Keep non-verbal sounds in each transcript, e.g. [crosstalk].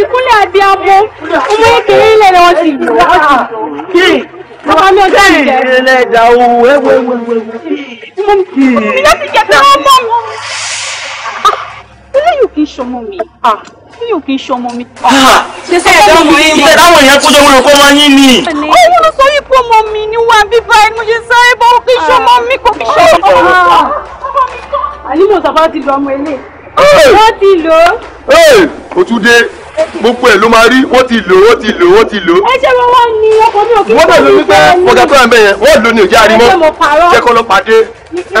ìkúnlẹ̀ abiyamọ ọmọ kékeré ilẹ̀ ni wọ́n ti lò wọ́n ti lò ọmọ mi ò tí ì jẹ́ ilẹ̀ ẹ̀dá owó ẹ̀wẹ̀ ẹ̀wẹ̀ ẹ̀wẹ̀ mi ló ti jẹ́ pé wọ́n mọ̀ wọ́n. Ah, eléyìí kì í ṣọmọ mi ah, eléyìí kì í ṣọmọ mi. ṣíṣe ìdáhùn yín ṣíṣe ìdáhùn yẹn kó jẹ́ wọn kó máa yín ni. owó ló sọ yìí pọ́nmọ mi ní wà bíbá ẹnu ṣe sáré bọ́ kì í ṣọmọ mi kò kì í ṣọmọ mi. àní mo sàbá ti lọ ọmọ ilé. wọ́n ti lò ó. ó tún dé gbogbo ẹ̀ ló máa rí wọ́n ti lò wọ́n ti lò wọ́n ti lò. ẹ ṣe wọn wá ní ọkọ mi ò kọ́ ní ìfẹ́ ni. wọ́n dẹ̀ ló ní ọ̀gá tó wà ń wọ́n lò ní òjá rí mọ́ jẹ́ kọ́ lọ pàdé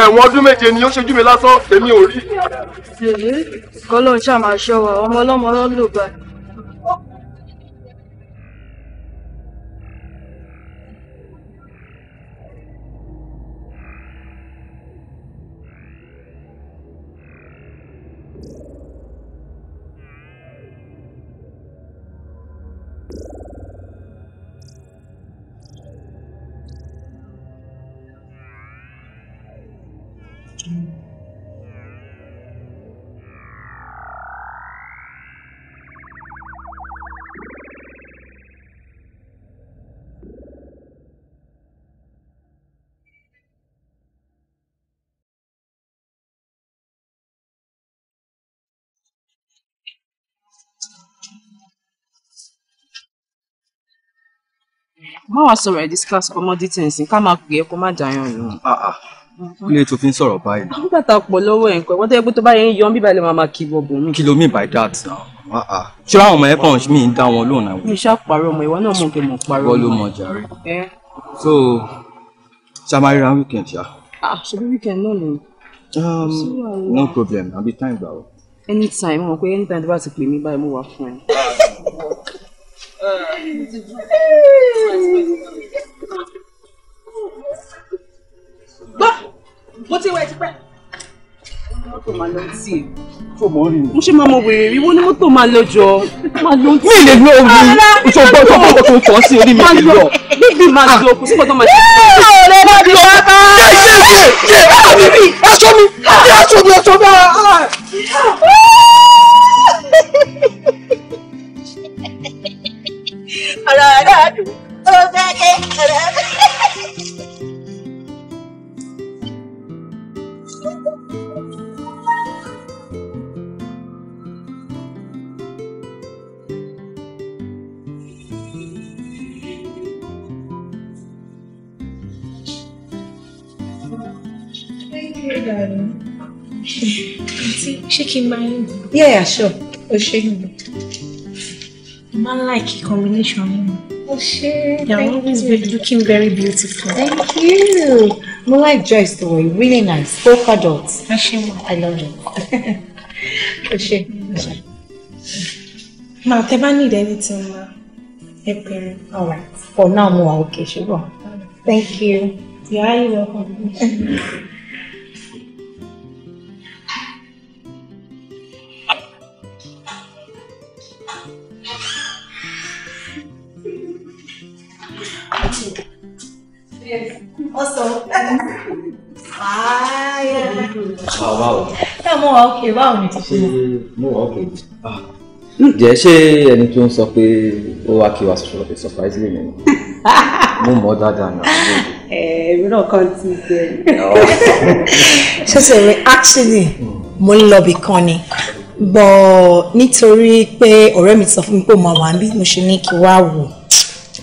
ẹ̀wọ̀n ọdún méje ni ó ṣojú mi lásán èmi ò rí. kọ́ ló ń ṣàmàṣọ wa ọmọ ọlọ́mọ ọlọ́lùbà má wàá sọ̀rọ̀ ẹ̀ discuss commodity nsìn ká máa pè é kó má jàyàn nù. Ah, ah. kí lè tó fi ń sọ̀rọ̀ báyìí. àwọn bàtà pọ̀ lọ́wọ́ ẹ̀ nǹkan wọ́n tẹ́ pé tó bá yẹn ń yọ ọ́n bíbá ilẹ̀ máa máa kí bọ̀bọ̀ mi. kí ló mean by that now? Ah, ṣé àwọn ọmọ ẹ̀kọ́ mi ń dá wọn lóhùn náà. mi ṣáà parọ́ ọmọ ìwọ náà mọ̀ pé mo parọ́ ọmọ. wọ́n ló mọ jàre. so samarira weekend ṣá. ṣebí weekend náà ni. Um, no problem àbí time gbà o. anytime mo mọ̀ pé anytime tó bá ti pè mí báyìí mo wà fún ẹ. [laughs] gbọ́ bó ti wẹ̀ tipẹ́. mọ́tò máa lọ sí i. tó mọ̀ rí mi. mo ṣe máa mọ wèrè rí wọ́n ní mọ́tò máa lọ jọ. mi lè lo omi ìṣògbọ́n tó kọ́kọ́ tó tọ́ sí orí mi lè lọ. bíbí máa lo kò sí kọ́tọ́ máa ṣe. yóò lè má di wá bá. yé yé yé aṣọ mi aṣọ mi aṣọ mi aṣọ mi. yeah sure o ṣe nìyẹn. máa ń like combination yìí. o ṣe thank you. they are always looking very beautiful. thank you. mo like Joyce the way really nice Both adults. ẹ ṣe mo. i love you. [laughs] o ṣe. màá tẹ bá need anything ma ẹ pẹ̀rẹ̀. all right for now mo wà okay ṣùgbọ́n thank you. you are welcome. [laughs] ọsàn. báwo. táà mo wà ókè báwo ni ti ṣe. mo wà ókè. Ah. ǹjẹ́ ṣé ẹni tó ń sọ pé ó wá kí wa sọ̀rọ̀ surprise lè nìyẹn [laughs] mo mọ̀ dáadáa náà. Eh, èmi náà kàn ti jẹ. Oh. [laughs] ṣé ṣe rí actually mo ń lọ bì kan ni bọ̀ nítorí pé ọ̀rẹ́ mi sọ fún mi pé mo máa wà níbí mo ṣe ní kí wá wò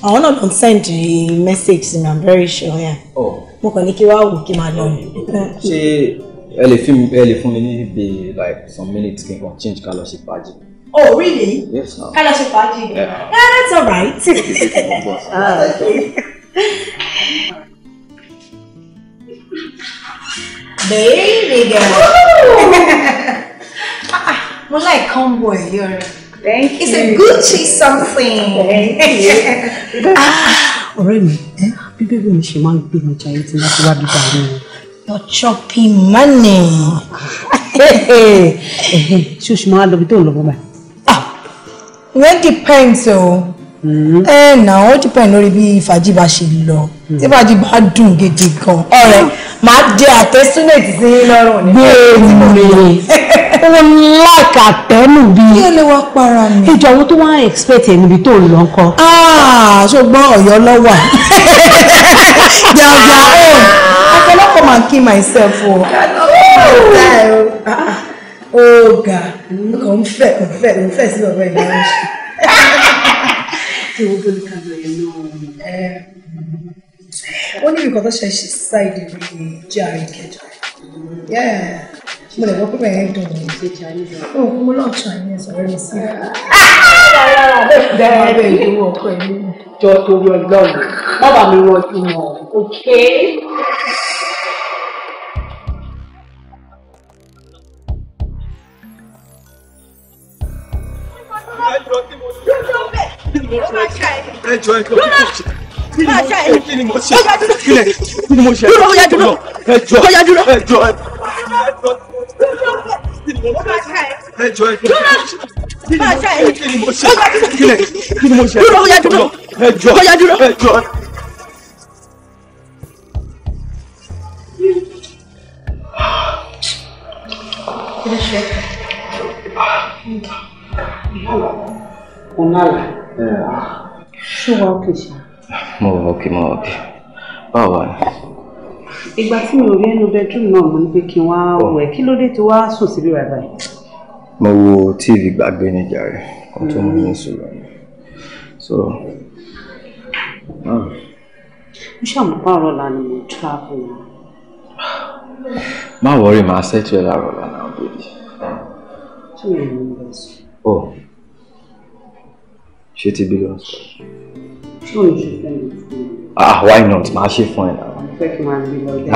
àwọn náà don send the message to me i'm very sure yeah. Oh. mo kàn ní kí wàá wò kí máa lọ. ṣé ẹ lè fún mi ẹ lè fún mi ní bí like some minutes kí n kàn change ká lọ ṣe fàájì. oh really yes ma'am ká ṣe fàájì yeah, that's all right. [laughs] [laughs] baby girl [laughs] ah, ah. mo like combo ẹ yọrọ. Thank It's a Gucci something. Thank you. [laughs] Ah, ọ̀rẹ́ mi, bí bébí mi ṣe máa ń gbé mi jayé tí wọ́n ti wá dúdú àwọn ènìyàn. You're chopping money. [laughs] Ṣé o ṣe máa lọ bí tó ń lọ bọ́ báyìí? Ah, ìyẹn depends o. Ẹ mm-hmm. eh, nà ó depend lórí bí fàájì bá ṣe lọ. Tí fàájì bá dùn gidi gan. Ọ̀rẹ́ máa jẹ àtẹ́súnẹ̀tì sí yín lọ́rùn ní. bẹ́ẹ̀ ni mo [laughs] like àtẹ́nù bí. kí ló wá para mi. ìjọ àwọn tó wá expect ẹ̀ níbi tó ń lọ kọ. Ah, ṣùgbọ́n ọ̀yọ́ lọ wà. jàǹdà ẹ̀ ọ̀pọ̀lọpọ̀ máa ń kí myself o. ó ga kò ń fẹ́ kò ń fẹ́ kò ń fẹ́ sí ọ̀rọ̀ ìyá rẹ̀. tí o bó ní ká lọ yẹn náà. Eh wọ́n ní nǹkan tó ṣe ṣe ṣáìdì rí jàre kẹjọ mo lè gbọ́ bẹ́ẹ̀ dùn mí ó kú mo lọ́ọ̀ chinese ọ̀rẹ́ mi sí jọ torí ọlọ́run má mi rọ ìwọ̀n ok. ẹ jọ ẹ kí ni mo ṣe mo wà òkè mo wà òkè báwo wà ní. ìgbà tí mi ò rí ẹnu bedroom náà mo ní pé kí n wá oh. wọ ẹ kí ló dé tí wàá sùn síbí bàbá yìí. mo wo tv gbàgbé ní jàre kan tó mú mi mm-hmm. sùn lọ so. mo ṣàmù pààrọ̀ lánàá mo travel. má wọrí màá ṣètò ẹ láàárọ̀ lánàá bèbí. ṣé mi ò ní bẹ̀rẹ̀ sùn. Oh. ṣé ti bí lọ sọ ṣé o lè ṣe fẹ́ mi fún mi. ah why not máa ṣe fún ẹ náà. fẹ́ kí n máa gbé lọ dé.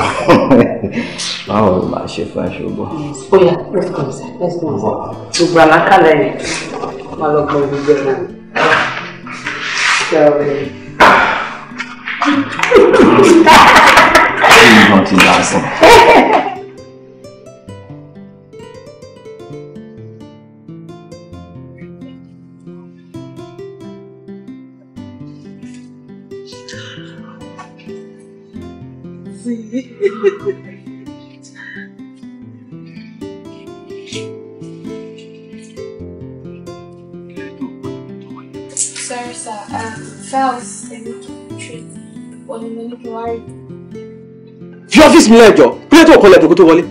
báwo ni màá ṣe fún ẹ ṣùgbọ́n. ó yá let's go sir let's go sir gbogbo àlákàlẹ̀ rẹ̀ máa lọ gbọ́ gbogbo ẹ̀ náà. Não te dá assim. mi. Sorry, sir. Um, uh, files ẹni treat òní mo ní kí wá rí. Fi ọ́fíìsì mi lẹ́jọ́, pílẹ̀ tó kọlẹ̀ ìdókòtò wọlé.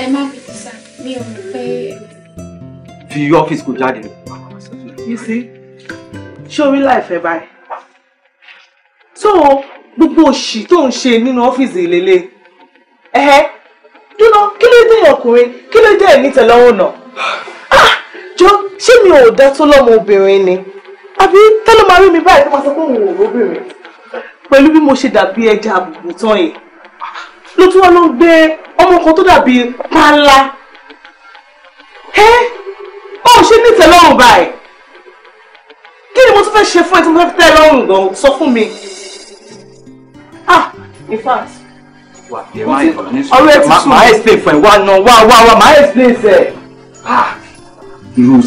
Ẹ má bìtì sá, mi ò mọ̀ pé. Fi ọ́fíìsì kò jáde. You see, ṣé orí láìfẹ́ báyìí? So gbogbo òṣì tó ń ṣe nínú ọ́fíìsì ìlélẹ̀ ẹ̀hẹ́ dúná kí ló dé ọkùnrin kí ló dé ẹ̀mí tẹ̀lọ́wọ́ náà ah, jọ ṣé mi ò dá tó lọ́mọ obìnrin ni àbí tẹ́lẹ̀ máa rí mi báyìí tó máa sọ pé òun ò róbìnrin pẹ̀lú bí mo ṣe dàbí ẹja àbùkù tán yìí ló tún wá ló ń gbé ọmọ kan tó dàbí pàńlá ẹ ó ṣe ní tẹ́lọ́rùn báyìí kí ni mo tún fẹ́ ṣe fún ẹ tí mo fẹ́ tẹ́ lọ́rùn gan sọ fún mi ah in fact. wà á yẹ máa yẹ ní sùn máa explain fún ẹ wá náà wá wá wá máa explain sẹ. Ah, irú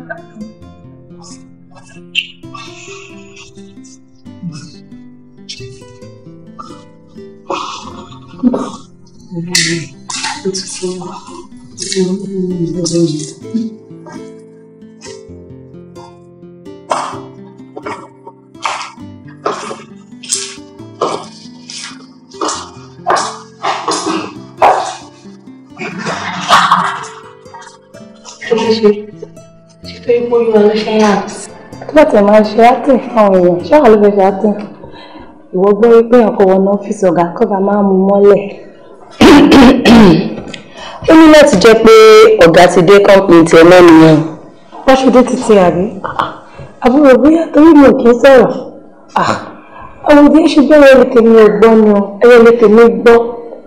Thank ah. you. Não. Eu não vi. Eu esqueci o negócio. Eu não entendi. Estoy muy não ya. Trate más, ya te, familia. Ya, algo ya te. ìwọ gbọ́ pé ọkọ̀ wọnà ọ́fíìsì ọ̀gá kọ́gà máa mú mọ́lẹ̀ ó ní láti jẹ́ pé ọ̀gá ti dé kọ́ńpìn tiẹ̀ náà nìyẹn. wáṣọdé ti ti àrí àbúrò bóyá torí mi ò kí ń sọ̀rọ̀ àwọn òbí ṣe bẹ́ẹ̀ ẹ̀rọ tèmi gbọ́ ni ẹ̀rọ tèmi gbọ́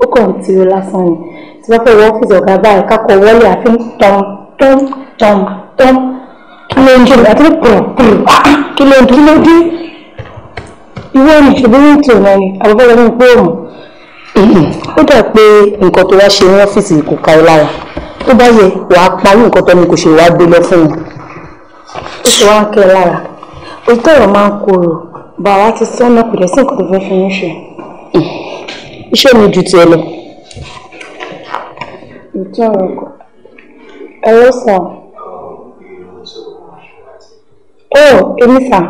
ó kàn ń tiri lásán ni tí wọ́n fẹ́ wọ ọ́fíìsì ọ̀gá báyìí kákọ̀ wọlé àfi ń tán tán tán tán kí ló ń jẹ́ àti pọ̀ pọ̀ kí ló ń dúró ìwé mi ìbílẹ̀ ìtò náà ni àbúkọ́lẹ̀ mi pé òun ó dà pé nǹkan tó wá ṣe ní ọ́fíìsì kò ká ẹ lára tó bá yẹ wàá parí nǹkan tó ní kò ṣe wàá gbé lọ fún wọn ó ṣe wá ń kẹ́ ẹ lára òótọ́ ọ̀rọ̀ máa ń korò bàrà ti sọ́nà kò dẹ̀ sí nǹkan tó fẹ́ fi ń ṣe. iṣẹ́ mi ju tiẹ̀ lọ. òótọ́ ọ̀rọ̀ kọ ẹ ló sàn. ó èmi sàn.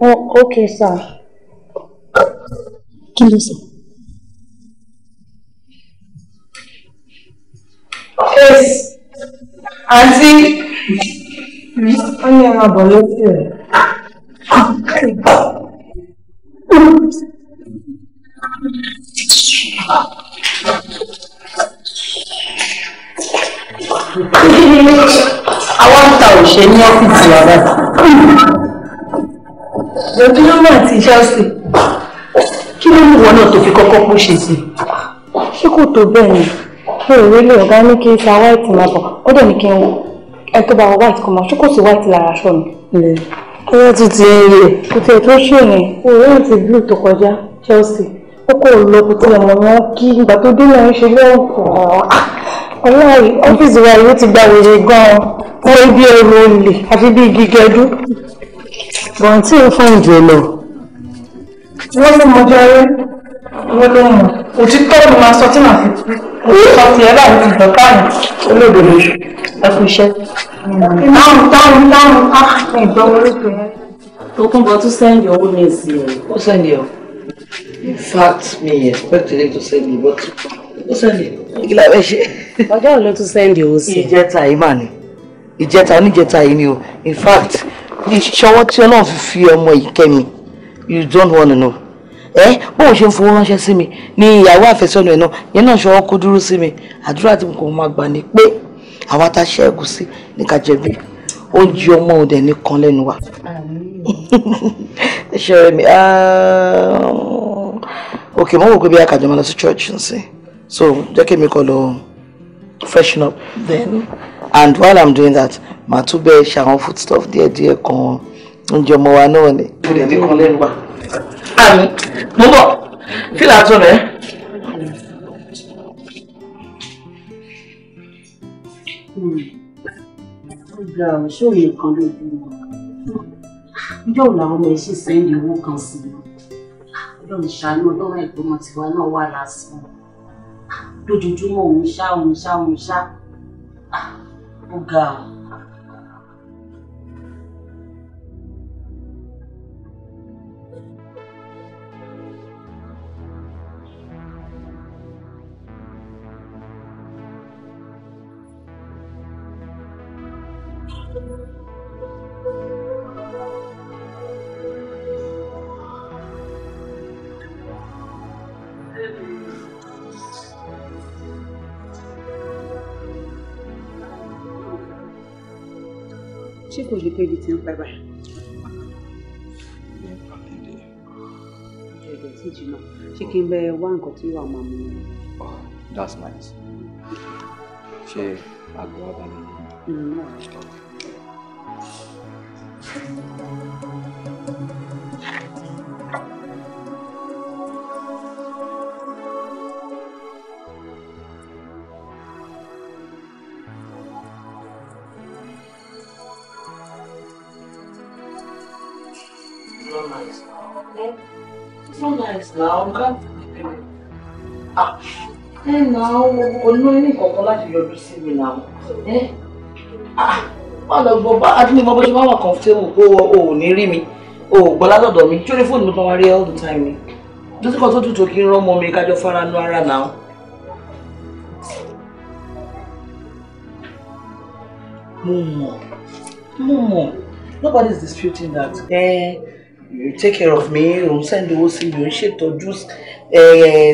Oh, okay, sir. Kí ló sọ? Yes, àǹtí. Wọ́n ní ẹran bọ̀ lókè rẹ̀. Àwọn ń ta òṣè ní ọ́fíìsì ojú ló wà Chelsea kí ló mú wọn náà tó fi kọ́kọ́ pọ̀ ṣe sí. ṣé kò tó bẹ́ẹ̀ ni mi ò lè ọ̀gá ní kí sa white máa bọ̀ ó dẹ̀ ní kí n ẹ tó bá wọ white kọ́ mọ́ ṣé kò sí white lára aṣọ mi. ọyọ ti ti ń yè. kò tiẹ̀ tó ṣe yẹn òun ti blue tó kọjá Chelsea ó kò lọ kò tiẹ̀ mọ̀ wọn kí ìgbà tó dé náà ń ṣe lọ́wọ́ ọlọ́run ọ́fíìsì wa yóò ti gbàwèrè gan-an wọ́n ibi ẹ̀rọ olè àfi bí igi gẹdú bọ̀ǹtì fún ìjòlò wọ́n ló mọ jẹ́rẹ́ wọ́n ló mọ̀ òtítọ́ ló máa sọ tí màá fi òtítọ́ ti ẹ̀ báyìí ti dọ̀ká olóògbé ẹ kú iṣẹ́. táwọn táwọn táwọn á ah, ìgbọ́ orúkọ yẹn. Tokunbo tún send your own name sí ẹ. ó send your in fact me expect him to send you but ó send you. kí la fẹ́ ọjọ́ wo ló tún send your own sí. ìjẹta yìí ni ìjẹta oníjẹta yìí ni o in fact ìṣọwọ́ tí ọlọ́run fi fi ọmọ ìkẹ́mi you don't wanna know ẹ bóun ṣe ń fowó ránṣẹ́ sí mi ní ìyàwó àfẹ́sọ́nà ẹ̀ náà yẹn náà ṣọwọ́ kó dúró sí mi àdúrà tí mo kò máa gbà ní pé àwa ta ṣe ẹ̀gúsí ní kàjẹ́bí oúnjẹ ọmọ òde nìkan lẹ́nu wa. [laughs] ṣe rẹ mi òkè ah, mọ́ wò pé bí akàjọ máa lọ sí church nsìn so jẹ́ kí èmi kọ́ lọ freshen up then and while i'm doing that màá tún bẹ́ẹ̀ ṣe àwọn foodstuff díẹ̀ díẹ̀ kan oúnjẹ ọmọ wa náà ni. mo lè dín kan lẹ́nu wa. àmì mo bọ̀ fílà tún rẹ̀. ṣé òye kan ló dúró wa ìjọ ò làwọn ọmọ ẹ ṣì sẹ́yìn owó kan sí i ọlọ́run ṣàánú ọlọ́run ìgbọ́mọ tiwa náà wà lásán lójoojúmọ́ òun ṣá òun ṣá òun ṣá. o galo. pé ibi ti ń pẹ́ báyìí. ẹ̀rẹ̀ sì jìnnà ṣé kí n bẹ wá nǹkan tí wàá máa mú mi. oh that's nice ṣe àgbọ̀ abàmì. Mm-hmm. Ah. ẹ nà olóyún kankan láti yọjú sí mi nà ẹ ah, má lọ gbọ́ bá adúlé mọ́ bó ṣe má wà comfortable pé o ò ní rí mi o ò gbọ́ látọ̀dọ̀ mi tí ó ní fóònù mi tó wá rí all the time ni lọ́sí kan tó tutù kí n rán ọmọ mi kájọ fara nu ara nà ó. mo mọ̀ mo mọ̀ nobody is disputing that. Eh, you take care of me òun send owó sí mi òun ṣètọ́jú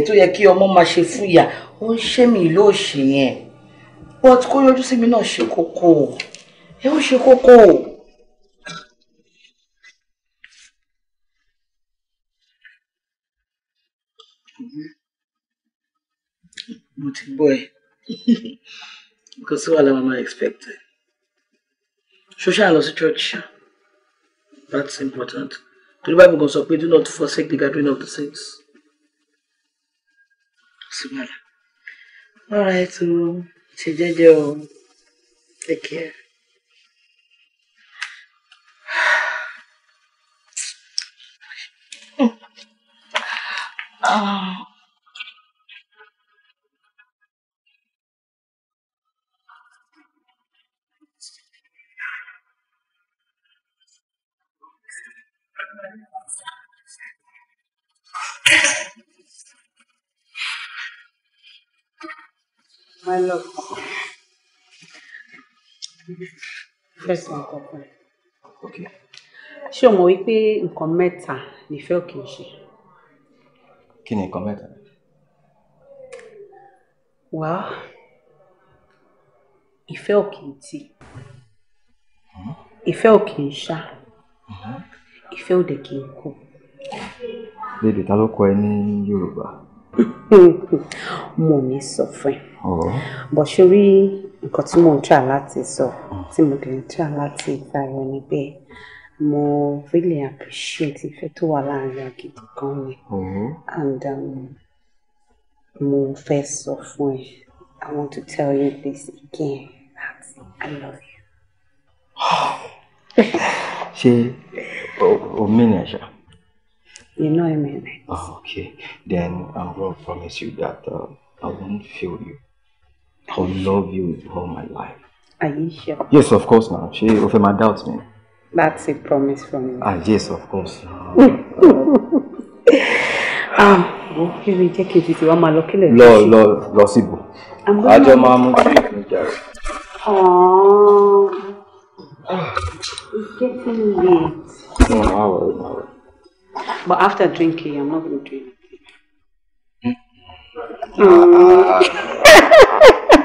tó yẹ kí ọmọ máa ṣe fún ìyá ó ń ṣe mí ló ṣe yẹn but kó yọjú sí mi náà ṣe kókó ẹ ó ṣe kókó. mo ti gbọ́ ẹ nǹkan sí wàhálà màmá expect ẹ ṣó lọ sí church that's important torí báyìí kan sọ pé do not forsake the gathering of the saints. sùgbọ́nà ọ̀rọ̀ ẹ̀ tó ṣe jẹ́jẹ́ o take care. Oh. [sighs] my love. First one, Kọ̀ọ̀kan. Okay. Ṣé o mọ̀ wípé nǹkan mẹ́ta nìfẹ́ o kì í ṣe? Kí ni nǹkan mẹ́ta? Wá, ìfẹ́ ò kì í tì. Hmm? Ìfẹ́ ò kì í ṣá. Hmm? Ìfẹ́ ò dẹ̀ kì í kú. Bébì ta ló kọ ẹ ní Yorùbá? Mọ̀ [laughs] mi sọ fún bọ̀ sórí nǹkan tí mò ń try láti sọ mm. tí mo dẹ̀ ń try láti tayọ ni pé mo really appreciate ìfẹ́ tó wà láàrin àgìdì kan ni mm-hmm. and um, mo fẹ́ sọ fún ẹ I want to tell you this again that I love you. [sighs] ṣé o mìíràn ṣá. You know I mean it. Oh, okay, then I will promise you that uh, I won't fail you. I love you with all my life. Are you sure? Yes, of course, now. She of my doubts me. That's a promise from you. Ah, yes, of course. Um, [laughs] wo kí ni jẹ́ kí n tètè wá máa lọ kílẹ̀ lọ lọ lọ síbò àjọ máa ah, It's getting late. No, I will, I will. But after drinking, I'm not going to drink. Hmm? Mm. Mm. [laughs]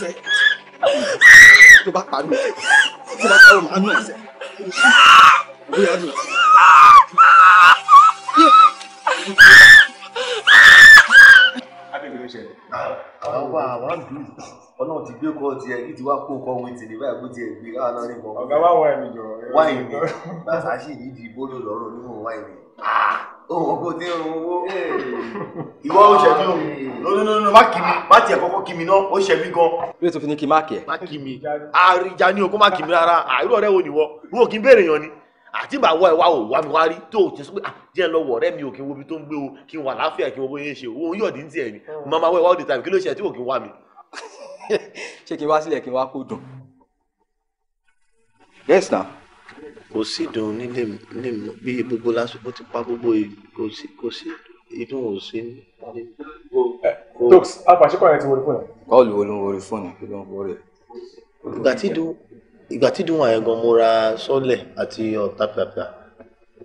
ẹsẹ̀ tó bá pàdùn tó bá pàdùn màá nù ẹsẹ̀ bóyá nù. àwọn àwọn bí ọlọ́run ti gbé kọ́ ti kí ti wá kó kọ́ wọ́n ti báyìí kó ti gbé káwọn náà nìkan. ọ̀gá wá wá ẹ̀mí wáìnì bá a ṣì ní ìdí bólú lọ́rùn nínú wáìnì. Ah! òun kò ní owó. ìwọ ó ṣẹ̀mí o No, no, no, no. má tiẹ̀ kọ́kọ́ kì mí náà ó ṣẹ̀mí gan. bí o tó fi ní kí má kì ẹ. má kì mí àríjà ni o kó má kì mí rárá àìrò ọ̀rẹ́ wo nìwọ wo kì í béèrè yàn ni àti ìgbà wọ ẹwà ò wá mi wá rí tó o ti sọ pé díẹ̀ lọ wọ̀ ọ̀rẹ́ mi ò kí n wo ibi tó ń gbé o kí n wà láàfíà kí n wo bóyá ṣe o yóò dín tiẹ̀ ni oh. màmá wọ ẹwà òde tàbí kí ló ṣe tí o kì n wá mi. [laughs] ṣé kí n wá sílẹ̀ kí n wá kó dùn. yes na kò sí ìdùnnú nílé mi bí gbogbo lásìkò ti pa gbogbo kò sí kò sí ìdùnnú ò sí nílé mi. tox apàṣẹkọ rẹ ti wọlé fóònù. kọ́ọ̀lù wo ló ń wọlé fóònù kí ló ń wọlé. ìgbà tí ìdùnnú àyẹ̀gàn mo ra sọ́lẹ̀ àti ọ̀tá pàpà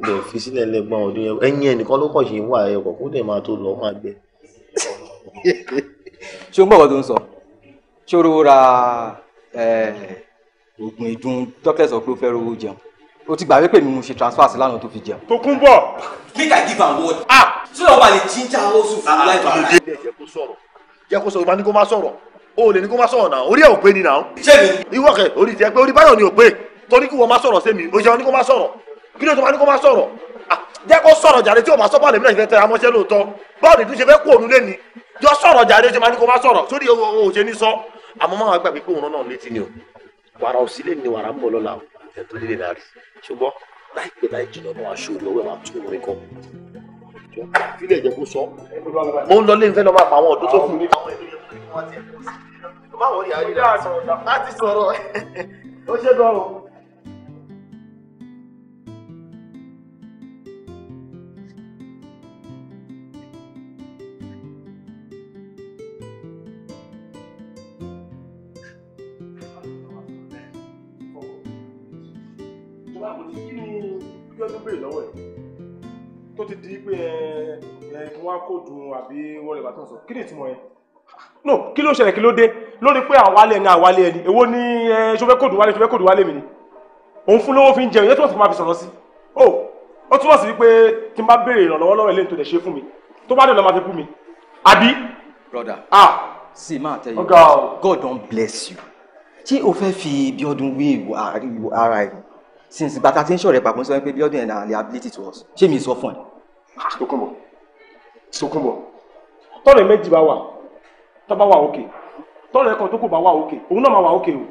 lè fi sílẹ̀ lẹ́gbọ̀n ọdún yẹn ẹ̀yìn ẹnìkan ló kọ̀ ṣe wà ẹ̀kọ́ kó dẹ̀ máa tó lọ máa gbẹ. ṣé o ń tó ń sọ ṣé o ra oògùn ìdun dókítà sọ pé ó fẹ́ rówó jẹun o ti gbà wípé mi mo ṣe transfer sí lánàá tó fi jẹun. tó kún bọ̀. make i give am word. ah so that lè jíjà oṣù fún láì bàbá. jẹ́ kó sọ̀rọ̀ jẹ́ kó sọ̀rọ̀ ìbá ní kó má sọ̀rọ̀ o lè ní kó má sọ̀rọ̀ náà orí ẹ̀ ò pé ni náà. sẹ́mi. ìwọ kẹ orí tiẹ̀ pé orí báyọ̀ ni ò pé torí kí wọ́n má sọ̀rọ̀ sẹ́mi o jẹun ní kó má sọ̀rọ̀ kí ló tó má ní kó má sọ̀rọ̀ ah, jẹ́ kó sọ̀rọ̀ jàre tí o bá sọ àmọ́ máa gbàgbé náà létí ni o wàrà òsílẹ̀ ẹ̀ tó lílẹ̀ láàrí ṣùgbọ́n láìpẹ́ láì jìnnà ọmọ aṣọ́ọ̀rẹ́ ọwọ́ ẹ̀ máa tún orin kọ́ fílẹ̀ jẹ́ kó sọ mo ń lọ lé nfẹ́ lọ máa pa àwọn ọ̀dọ́ tó kù báwo ni àwọn ènìyàn láti sọ̀rọ̀ ó ṣe gan o. dùn àbí wọ́n lè bá tó ń sọ kí ni ìtumọ̀ yẹn no kí ló ṣẹlẹ̀ kí ló dé lórí pé àwálẹ̀ ni àwálẹ̀ ẹni èwo ni ṣọfẹ́ kòdù wálé ṣọfẹ́ kòdù wálé mi ni òun fún lówó fi ń jẹun yẹn túmọ̀ sí máa fi sọ̀rọ̀ sí o oh, ó túmọ̀ sí wípé tí n bá béèrè ìrànlọ́wọ́ lọ́wọ́ ilé nítorí ṣe fún mi tó bá dẹ̀ lọ́ máa fi kú mi àbí. brother ah see ma tell you God, God don bless you ṣé o fẹ́ fi bí ọdún wí ara ẹ̀ since bàtà tí ń ṣọ̀rẹ́ papọ̀ ń sọ pé bí ọdún ẹ̀ na liability to us ṣé mi sọ fún ẹ. Ah, tó kàn bọ̀. Tòkunbọ̀ tọrọ ẹ méjì bá wà tó bá wà òkè tọrọ ẹ kan tó kò bá wà òkè òun náà máa wà òkè o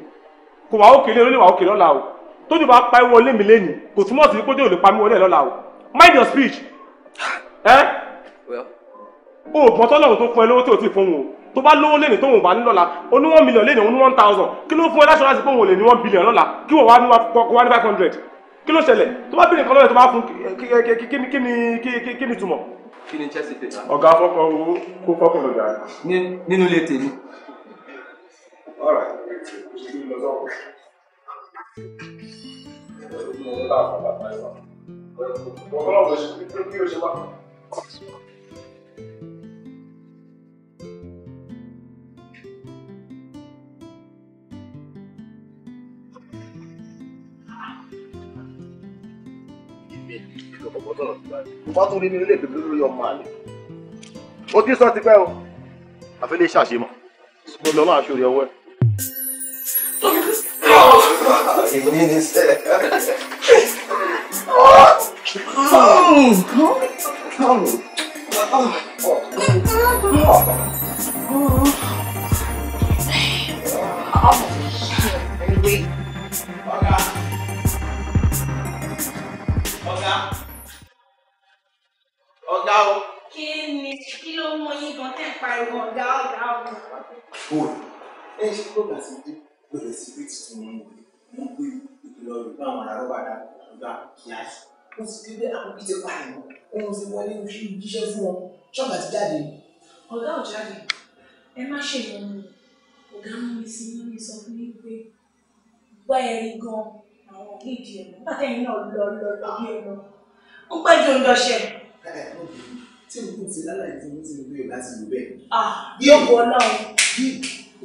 kò wà òkè lẹ́nu lè wà òkè lọ́la o tójú bá pa ìwọlé mi lẹ́nu kò túmọ̀ sí pé tójú lè pa mi wọlé lọ́la o mind your speech [sighs] ẹ o bọ́n tọ́lọ́run tó fún ẹ lówó tí o ti fún wọn o tó bá lówó lẹ́nu tó wọn bá ní lọ́la o ní one million lẹ́nu o ní one thousand kí ló fún ẹ láṣọ láti pé òun lè ní one billion lọ́la kí wọ́n wá ní wá ní five hundred kí ló ṣẹlẹ̀ tó bá bìnrin kan lọ́rẹ̀ tó bá fún kí ni kí ni kí ni chelsea paper. ọ̀gá fọ́kọ̀ owó kó fọ́kọ̀ lọ́jà. nínú ilé tèmi. Thank you. sọ̀rọ̀ nípa rẹ̀ nǹkan tó rí ní ilé ìpèbí lórí ọmọ àlè ó ti sọ tipẹ́ o àfi lè ṣàṣemọ̀ mo lọ ọ̀gá o. kí ni kí ló mú yín gan tẹ́ ń pariwo ọ̀gá ọ̀gá ọ̀gá. fóònù ẹ ṣe kó gbà sí pé bẹ̀rẹ̀ sí pé tuntun mú mi mo gbé ìlọ rẹ̀ báwọn ará padà ọ̀gá kíá sí. ó sì ti dé àkókò tí ó pariwo ohun tí wọlé ojú jíṣẹ́ fún wọn ṣọ́ọ̀bà ti jáde. ọ̀gá ò jáde ẹ má ṣe ìyọnu ọ̀gá mú mi sí mú mi sọ fún yín pé gbọ́ ẹ̀rí gan àwọn òbí ẹ̀ nígbà tẹ́yìn náà lọ lọ lọ bí ẹ lọ. ó pẹ́ jù ń lọ ṣẹ̀ tí mo kún ti lálàyé tí mo ti gbé ọ̀gá ti lò bẹ́ẹ̀. yóò wọ náà bí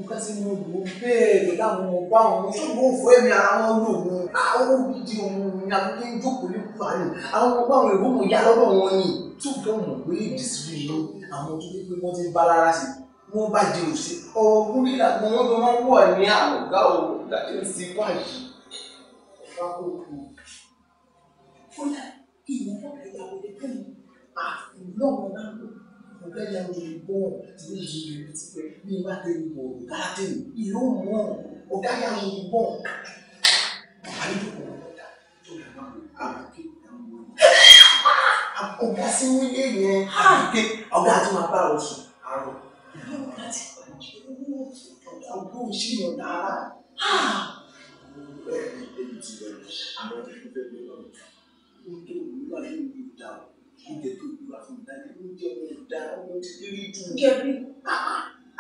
ọ̀gá ti mo lò bẹ́ẹ̀ lọ́dà mo mọ̀ bá wọn tó gbọ́ òfò ẹ̀mí ara wọn lò wọn àwọn olùdíje òun ni àbúké ń jókòó ní kúránì àwọn ọmọ báwọn èèwọ̀ mọ̀ yá lọ́dọ̀ wọn ni tó gbọ́ mọ̀ pé ìdìsírí ló àwọn tó dé pé wọ́n ti ń bá lára sí wọ́n bá jẹ òsè ọ̀rọ̀ kúrí làgbọ́n wọn tó máa ń wọ̀ ní àwọn ọ̀gá òun láti ń sin wáyé. ọ̀gá kò kú kó dà kí ìyẹn fọ́ Mpɛgya ɔyibɔ ti ne yi yi ti pɛ mi ba de mo gaade iyo mo ɔgaya ɔyibɔ ale de ko ɔda to na ma mo a ma ke na mo yi. Akɔba si wo ye yɛ a ma ke ti ma ba o sùn arọ. Ɔga ti ma jẹ ɔga ɔga o si oúnjẹ tó gbé wá fún mi dájú oúnjẹ mi dá oúnjẹ rí ju kẹrí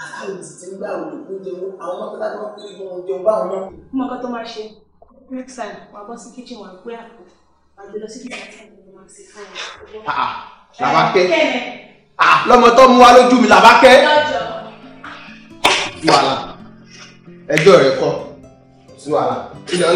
àtàwọn ti ń gbà wò oúnjẹ wọn àwọn ọmọ tó bá tó ń kiri bá wọn náà. mo tó máa ṣe next time wàá bọ́ sí kitchen wàá gbé àpò wàá gbé lọ sí kitchen àti àgbẹ̀ wọn máa ṣe fún ọ. Ah, ah. làbákẹ́ ah, lọ́mọ tó mú wa lójú mi làbákẹ́ wàhálà ẹjọ́ rẹ̀ kọ́ sí wàhálà ilẹ̀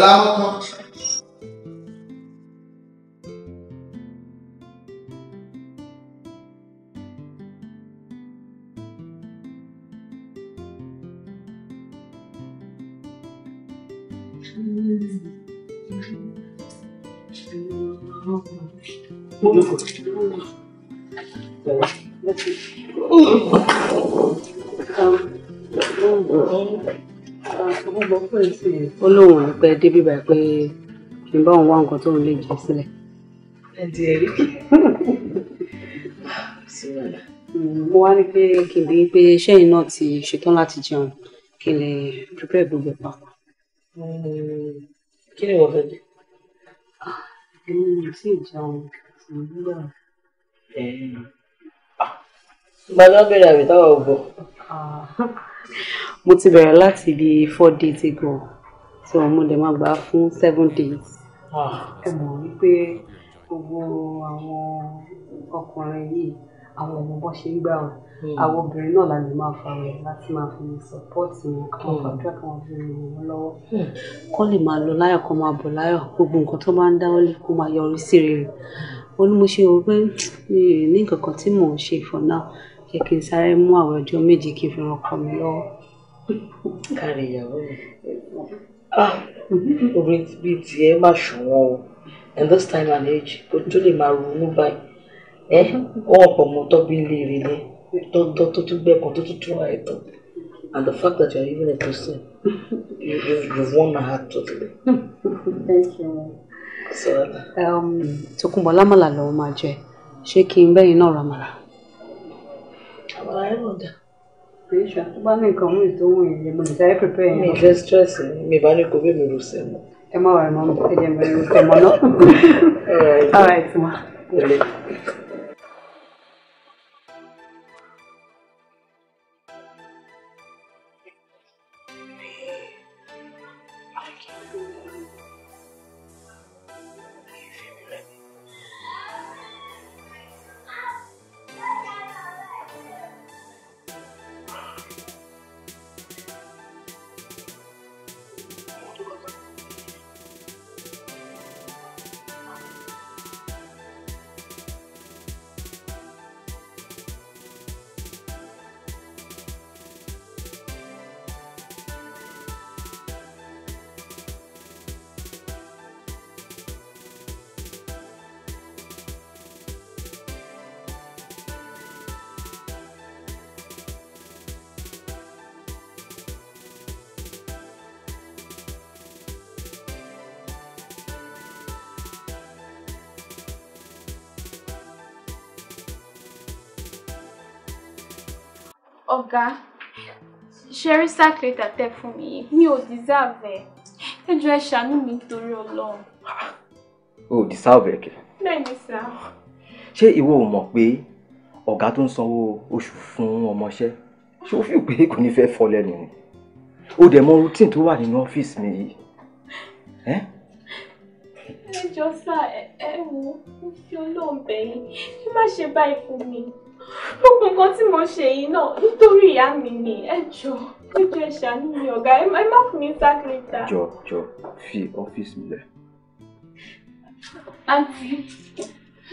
ó lóun ò báyìí pé kí n bá òun wá nǹkan tóun lè jẹ sílẹ̀. mo wá ní pé kí n bí pé sẹ́yìn náà ti ṣetán láti jẹun kí lè prepare gbogbo papọ̀. kí ni wọ́n fẹ́ jẹ? Ah, èmi ò tí ì jẹun òwúrọ̀ ẹ̀yìn. gbadá bẹ̀rẹ̀ àmì táwọn ò bọ̀. mo ti bẹ̀rẹ̀ láti ibi four days ago tí wọ́n mú dẹ̀ máa gbà fún seven days. Ah. ẹ mọ̀ wípé gbogbo àwọn ọkùnrin yìí àwọn ọmọ bọ́ ṣe ń gbà wọn hmm. àwọn obìnrin náà la lè máa fa rẹ̀ láti máa fi sọ́pọ́ọ̀tì wọn káwọn hmm. fàdúrà káwọn fi ràn wọn lọ́wọ́. Hmm. kọ́ lè máa lọ láyọ̀ kó máa bọ̀ láyọ̀ gbogbo nǹkan tó máa ń dáwọ́lé kó máa yọrí sí rere wọ́n ní mo ṣe wò pé mi ò ní nǹkan kan tí mò ń ṣe for now jẹ́ kí n sáré mú àwọn ọjọ́ méje kí n fi ran ọkọ mi lọ́wọ́. kárí ìyàwó mi ah, obìnrin bíi tiẹ̀ má ṣùwọ̀n o and this time and age kò tó lè máa ronú báyìí ẹ ọwọ́ pọ̀ mọ́ tọ́bí lè rí lé tọ́tọ́ tó tún gbẹ̀kan tó tún tún àìtọ́ and the fact that you are even a Christian you you won my heart totally. Thank you. Tòkunbọ̀ lámàlà lọ́wọ́ máa jẹ ṣé kí n bẹ́yìn náà ramàlà. àmàlà ẹ̀ ló dà. Aisha, tó bá ní nǹkan wọ̀nyí tó wọ̀nyí mo lè sáré prepare yẹn. Mi fẹ́ stress ni, mi bá ní kò bí mi rò sẹ́ mọ́. Ẹ má wà ẹ̀ mọ́, ẹ jẹ́ mi rò sẹ́ mọ́ náà. All right, ma. barrister creator that fún mi Me, mi ò deserve it. ẹ jọ̀ọ́ ẹ ṣàánú mi nítorí Ọlọ́run. Oh, deserve it. kẹ. bẹ́ẹ̀ni sá. ṣé ìwọ ò mọ̀ pé ọ̀gá tó ń sanwó oṣù fún ọmọọṣẹ́ ṣé o fi pé kò ní fẹ́ fọ́ lẹ́nu ni o dẹ̀ mọ̀ routine tó wà nínú ọ́fíìsì mi yìí. ẹ jọ̀ọ́ sá ẹ wo fi Ọlọ́run bẹ̀ yín kí má ṣe báyìí fún mi gbogbo nǹkan tí mo ṣe yìí náà nítorí ìyá mi ni ẹ jọ̀ọ́ jíjẹ ìṣàánú mi ọ̀gá ẹ má fún mi sack later. jọ jọ fi ọ́fíìsì mi lẹ̀. auntie,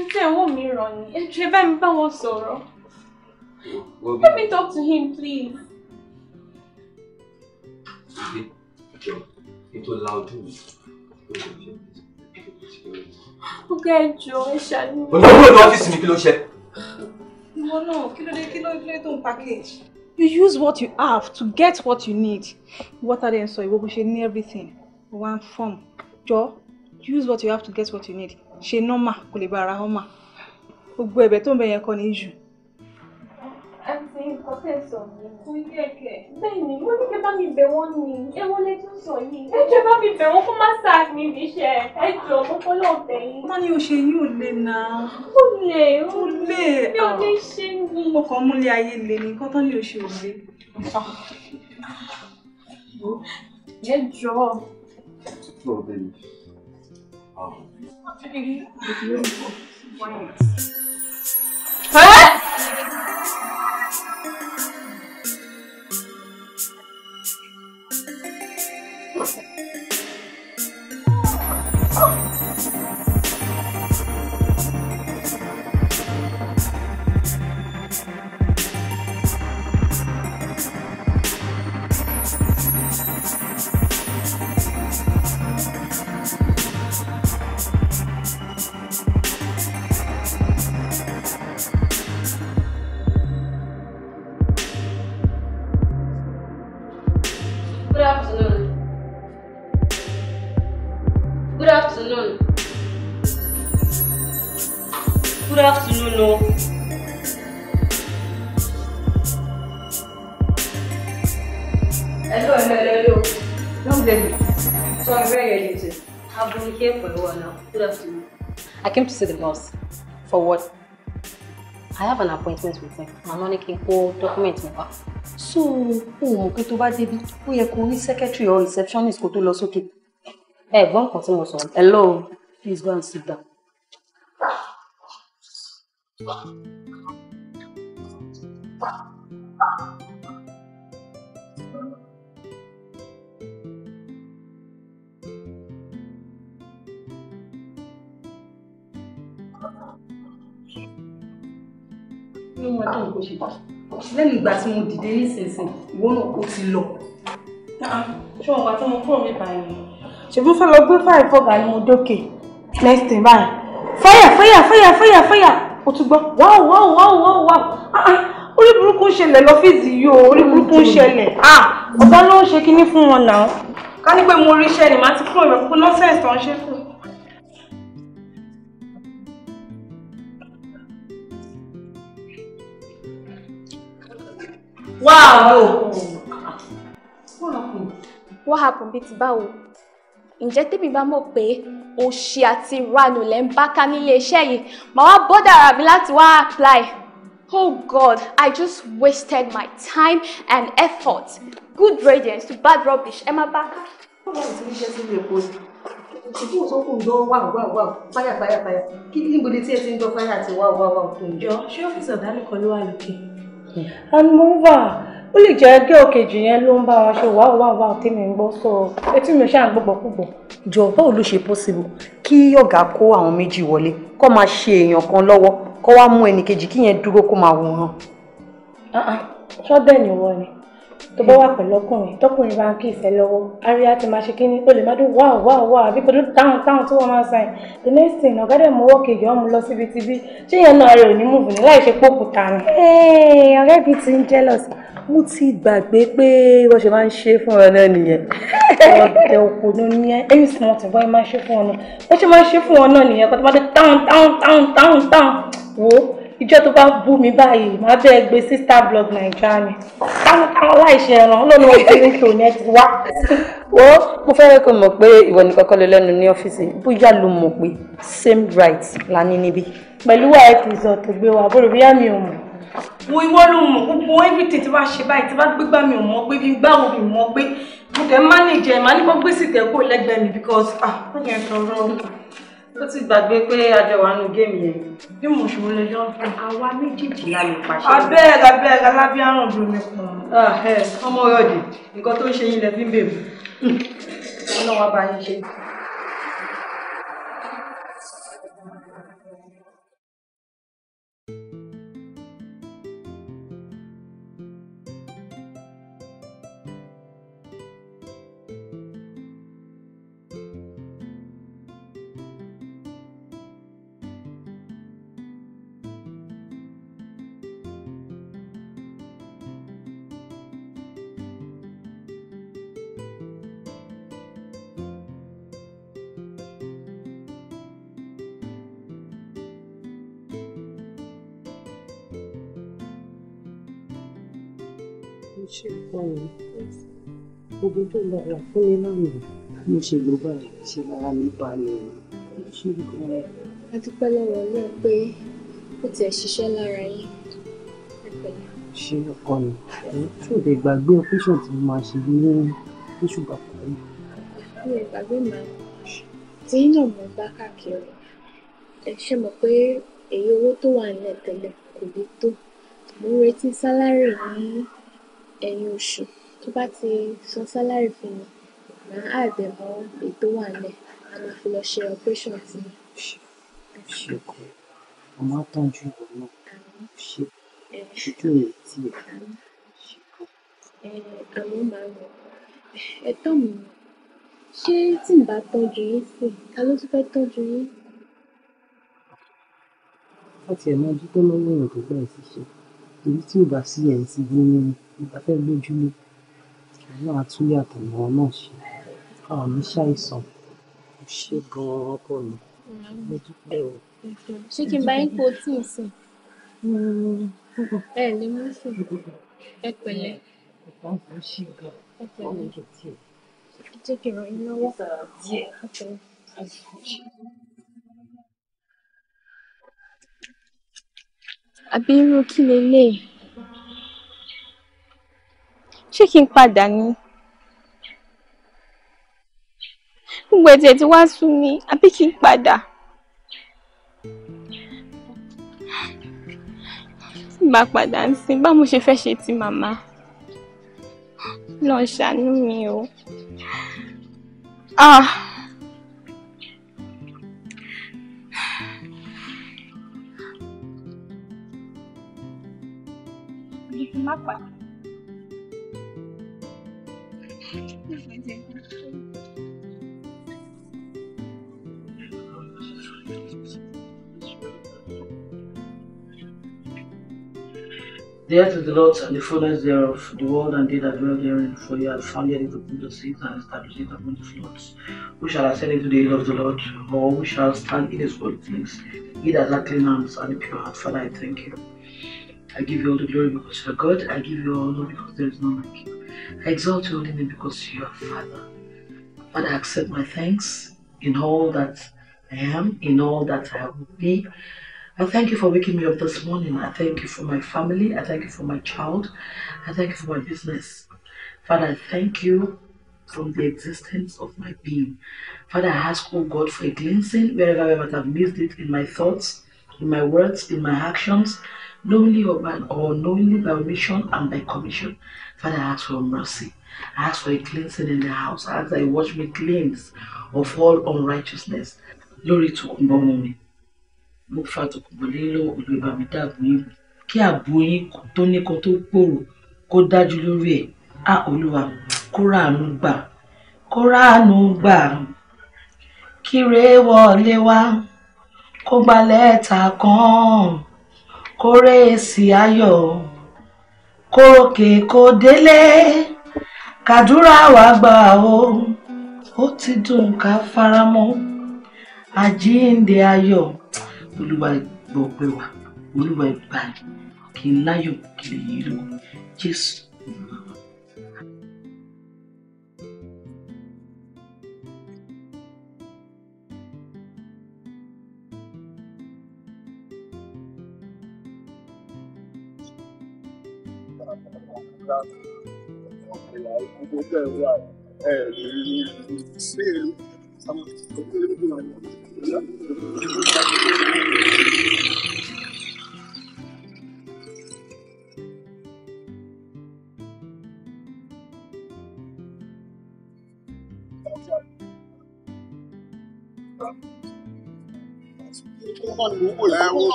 ǹjẹ́ ẹ̀wọ́ mi ràn ní ẹ jẹ́ bá mi bá wọn let me talk to him please. Joe, jọ ètò loud ojú Okay, Joe, ẹ jọ ẹ ṣàánú. olùkọ́ ló lọ ọ́fíìsì mi kilo ló ṣe. ìwọ náà kí ló dé kí package. You use what you have to get what you need. Water then so ìwọ bó ṣe ní everything. One form. Jọ use what you have to get what you need. She no ma, lè bá ara ọmọ. Gbogbo ẹ̀bẹ̀ issue sí nǹkan tẹ̀ sọ yìí. kú yé kẹ. bẹ́ẹ̀ ni mo ní kí bá mi bẹ̀ wọ́n ni ewu lè tún sọ yìí. ẹ jẹ́ bá mi bẹ̀ wọ́n kó má sáà mi bí iṣẹ́ ẹ jọ kókó lọ bẹ̀ yín. wọ́n ní o ṣe yín ò lè na. ó lè ó lè mi ò lè ṣe ni. mo kàn múlé ayé lè ní nǹkan tán ní o ṣe ò lè. ẹ jọ. Oh, baby. Oh. Hey! Thank you. came to see the boss. For what? I have an appointment with him. Màá ní kí n kó document mi wá. So, who mọ̀ pé tó bá débi, secretary or receptionist kó tó lọ sókè. Ẹ gbọ́n nǹkan tí mo Hello, please go and sit down. Thank you. inú wọn dùn kó ṣe bá lẹ́nu ìgbà tí mo dìde nísinsìnyí ìwọ náà ó ti lọ. Ah, ṣé wọn bá tí mo kúrò mi báyìí. ṣèbí fẹ́ lọ gbé fáyà fọ́gà ni mo dókè next time báyìí fáyà fáyà fáyà fáyà fáyà o tún gbọ́ wáwù wáwù wáwù wáwù wáwù ah, ah. orí burúkú ń ṣẹlẹ̀ lọ́fíìsì yìí o orí burúkú ń ṣẹlẹ̀ ọ̀gá ló ń ṣe kinní fún wọn náà. ká ní pé mo ríṣẹ́ ni màá ti kúrò lọ́kùn nọ́ọ̀sẹ̀ tó ṣe fún un. Wow! What happened? What happened It's bad. báwo? Ǹjẹ́ tèmi bá mọ̀ pé òṣì àti ìranù lẹ́ ń bá ká nílé iṣẹ́ yìí, màá wá bọ́dà ara mi láti wá apply. Oh God, I just wasted my time and effort. Good radiance to bad rubbish. Ẹ má bá ká. Báwo ti ń ṣe sínú èpo ni? Ìkú òsókù ń dán wà wà wà fáyà fáyà fáyà. Kí níbo ni tí ẹ ti ń dán fáyà àti wà wà wà tó ń jọ? Ṣé ọ́fíìsì ọ̀dà nìkan and move ó lè jẹ́ gẹ́ òkèjì yẹn ló ń bá wọn ṣe wàá wàá wàá tí mi ń gbọ́ sọ etí mi ṣáà ń gbọ́ pọ̀pọ̀. jọ báwo ló ṣe possible kí ọ̀gá kó àwọn méjì wọlé kó máa ṣe èèyàn kan lọ́wọ́ kó wá mú ẹnìkejì kíyẹn dúró kó máa wòran. Ah, ah. ṣọ́dẹ̀ ni wọ́n ni tó bá wà pẹ̀lú ọkùnrin tọkùnrin bá ń kí ìfẹ́ lọ́wọ́ aria ti máa ṣe kí ni o lè má dún wáò àbí pẹ̀lú táwọn táwọn tó wọ́n máa ń sàn the next thing ọ̀gá dẹ̀ mú owó kejì ọ̀hún lọ síbi tibí ṣé yẹn náà rẹ̀ ò ní mùbù ní láì ṣe pòkúta ni. ọ̀rẹ́ mi ti ń jealous mo ti gbàgbé pé wọ́n ṣe máa ń ṣe fún ọ náà nìyẹn. ọ̀dẹ̀ òkú ló ní ẹ ẹ̀yìn sì wọ́n ti ìjọ tó bá bú mi báyìí màá bẹ́ẹ̀ gbé sister blog nàìjíríà ni táwọn táwọn láìṣe ẹran lọ́nà ìgbéyìí tó yẹn ti wá. wo mo fẹ́ kó mọ̀ pé ìwọ ní kọ́kọ́ lè lẹ́nu ní ọ́fíìsì bóyá ló mọ̀ pé same rights la ní níbí. pẹ̀lú wàá ti sọ tó gbé wa bó lórí àmì òun. wo ìwọ ló mọ̀ gbogbo everything tí wàá ṣe báyìí tí wàá gbégbá mi ò mọ̀ pé bí gbáwo mi mọ̀ pé mo tẹ̀ manage ẹ̀ máa ní kó gbé sí tẹ̀ kó lẹ́gbẹ̀ẹ́ mi because ah ó yẹn ó ti gbàgbé pé àjọ wà nù géèmì yẹn bí mo ṣòro lè jọ ń fún àwa méjèèjì la lè pàṣẹ. abẹ́ẹ̀ abẹ́ẹ̀ alábí àrùn ló mi kàn. ọmọ ọ̀rọ̀ nǹkan tó ń ṣe yín lẹ fi ń bèbè ọlọ́wọ́ bá yín ṣe. báyìí gbogbo tó lọ rà fún mi lánàá mo ṣe lò báyìí ṣe lára mi balẹ̀ ṣe gan-an. a dúpẹ́ lọ́wọ́ náà pé ó tiẹ̀ ṣiṣẹ́ lára yín ṣe ọkọ mi tí ò lè gbàgbé operation tí mo máa ṣe ní oṣù bàbá yìí. mi ò gbàgbé màá tí náà mo bá káàkiri ẹ ṣe mọ̀ pé èyí owó tó wà nílẹ̀ tẹ́lẹ̀ kò lè tó mo ń retí sálárì ní ẹ̀yìn oṣù tó bá ti san sálárì fún mi, màá add ẹ̀ mọ́ èyí tó wà ńlẹ̀, a máa fi lọ ṣe operation tiyín. Ẹ ṣé gan, ọlọ́run á tọ́jú ìwọ náà. Àmín. Ẹ ṣé. Ojú ò ní tì ẹ́. Àmín. Ẹ ṣé gan. Àmọ́ màámi, ẹ tọ́ mi wò, ṣé tí ǹ bá tọ́jú yín ńsìnyí, ta ló tún fẹ́ tọ́jú yín? Á tiẹ̀ máa dúpẹ́ lọ́wọ́ èèyàn tó gbà ẹ́ síṣẹ́ èyí tí ò bá sí ẹ̀ ti gbé ní ìgbà fẹ́ gbójúlé àwọn àtúnyẹ àtọ̀nà náà ṣe àwọn ní ṣàìsàn ṣe gan ọkọ mi mo dúpẹ́ o. ṣé kí n bá yín po tí ì sìn ẹ lè mú sùn ẹ pẹ̀lẹ́. ọ̀pọ̀ ọ̀pọ̀ ṣì gan ẹ pẹ̀lẹ́ jẹ́ kí n ràn yín lọ́wọ́. àbí irú kí leléyìí ṣé kí n padà ní gbogbo ẹ̀jẹ̀ tí wàá sú mi àbí kí n padà tí bá padà ń sin bá mo ṣe fẹ́ ṣe ti màmá lọ ṣàánú mi o ah. uma quadra. They ate the lots and the fullness thereof, the world and they that dwell therein, for you hath founded it upon the seas and established it upon the floods. Who shall ascend into the hill of the Lord, or who shall stand in his holy place? He that hath clean hands and a pure heart, Father, I thank you. I give you all the glory because you are God. I give you all glory because there is none like you. I exalt your name because you are Father. Father, accept my thanks in all that I am, in all that I will be. I thank you for waking me up this morning. I thank you for my family. I thank you for my child. I thank you for my business. Father, I thank you from the existence of my being. Father, I ask, oh God, for a cleansing wherever I might have missed it in my thoughts, in my words, in my actions. knowingly or, by, or knowingly by omission and by commission. Father, I ask for mercy. I ask for a cleansing in the house. I ask that you wash me cleansed of all unrighteousness. Glory to mọ́ mi. Mo fa Tòkunbọ̀ lé lọ́wọ́ olùbá mi dàbò yín. Kí ààbò yín tó níkan tó gbòòrò kó dájú lórí ẹ̀. Á Olúwa kó gbà. Kó ráàánú gbà. Kíre wọlé wá. Kó gbalẹ̀ ta kan kórè èsì ayọ̀ kórókè kò délé kàdúrà wà gbà o ó ti dùn ká faramọ́ àjíǹde ayọ̀ olúwa gbọ́ olúwa gbà kí n láyọ̀ kiri yìí lọ jésù. Ẹ wo gbogbo nǹkan tẹ̀lé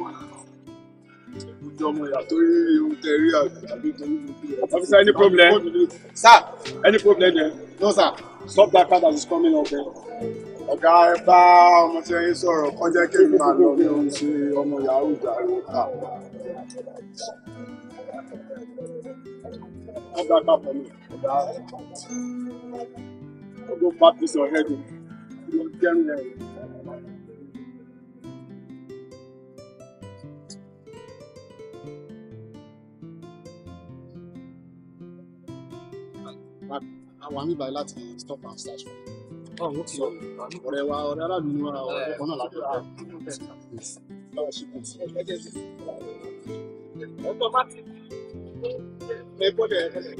wọn jọmọ ìyá torí ohun tẹ rí àbí torí gbogbo ẹ. officer any problem sir any problem there no sir stop that car that is coming up there. ọ̀gá ẹ bá ọmọ tí ẹyin sọ̀rọ̀ kọjá kébì máa lọ ní ohun ṣe ọmọ yahoo dàrú ká. stop that car for me ọ̀gá go pack this your head o. àwọn àmì báyìí láti stop and start from. ọ̀run ti ọ̀rẹ́ wa ọ̀rẹ́ aráàlú ni wọ́n ra ọkọ̀ náà lábẹ́ ọ̀rẹ́ lọ́wọ́ ṣe kùn sí ẹgbẹ́ sí. ọgbọ́n bá ti ẹ gbọ́dọ̀ ẹ gbọ́dọ̀.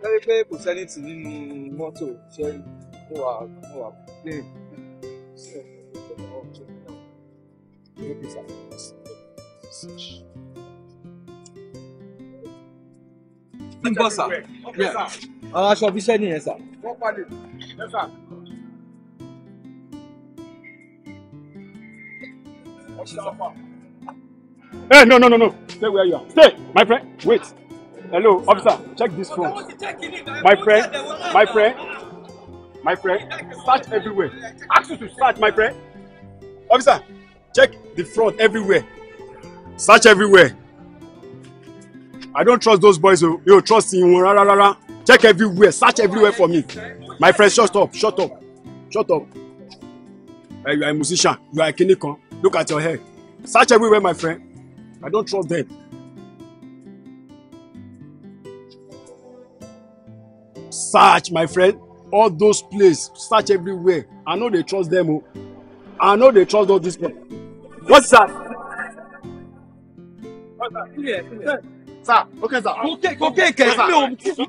lórí pé kò sẹ́ni tì nínú mọ́tò ṣẹ́yìn mo wà mo wà plane todos aqueles que Think about sir. Yeah. Uh, aṣọ fi ṣẹ́ nìyẹn sir. sir. Hey, eh, no, no, no, no. Stay where you are. Stay, my friend. Wait. Hello, officer. Check this phone. My friend, my friend, my friend. Search everywhere. Ask you to search, my friend. Officer, Check the front everywhere. Search everywhere. I don't trust those boys. You oh, trust in one. Rah, rah, Check everywhere. Search everywhere for me. My friend, shut up. Shut up. Shut up. Uh, you are a musician. You are a kinikon. Look at your hair. Search everywhere, my friend. I don't trust them. Search, my friend. All those places. Search everywhere. I know they trust them. Oh. I know they trust all these people. What's that? Sir, okay, sir. Okay, okay, okay, sir. Mi ò mú kíkì.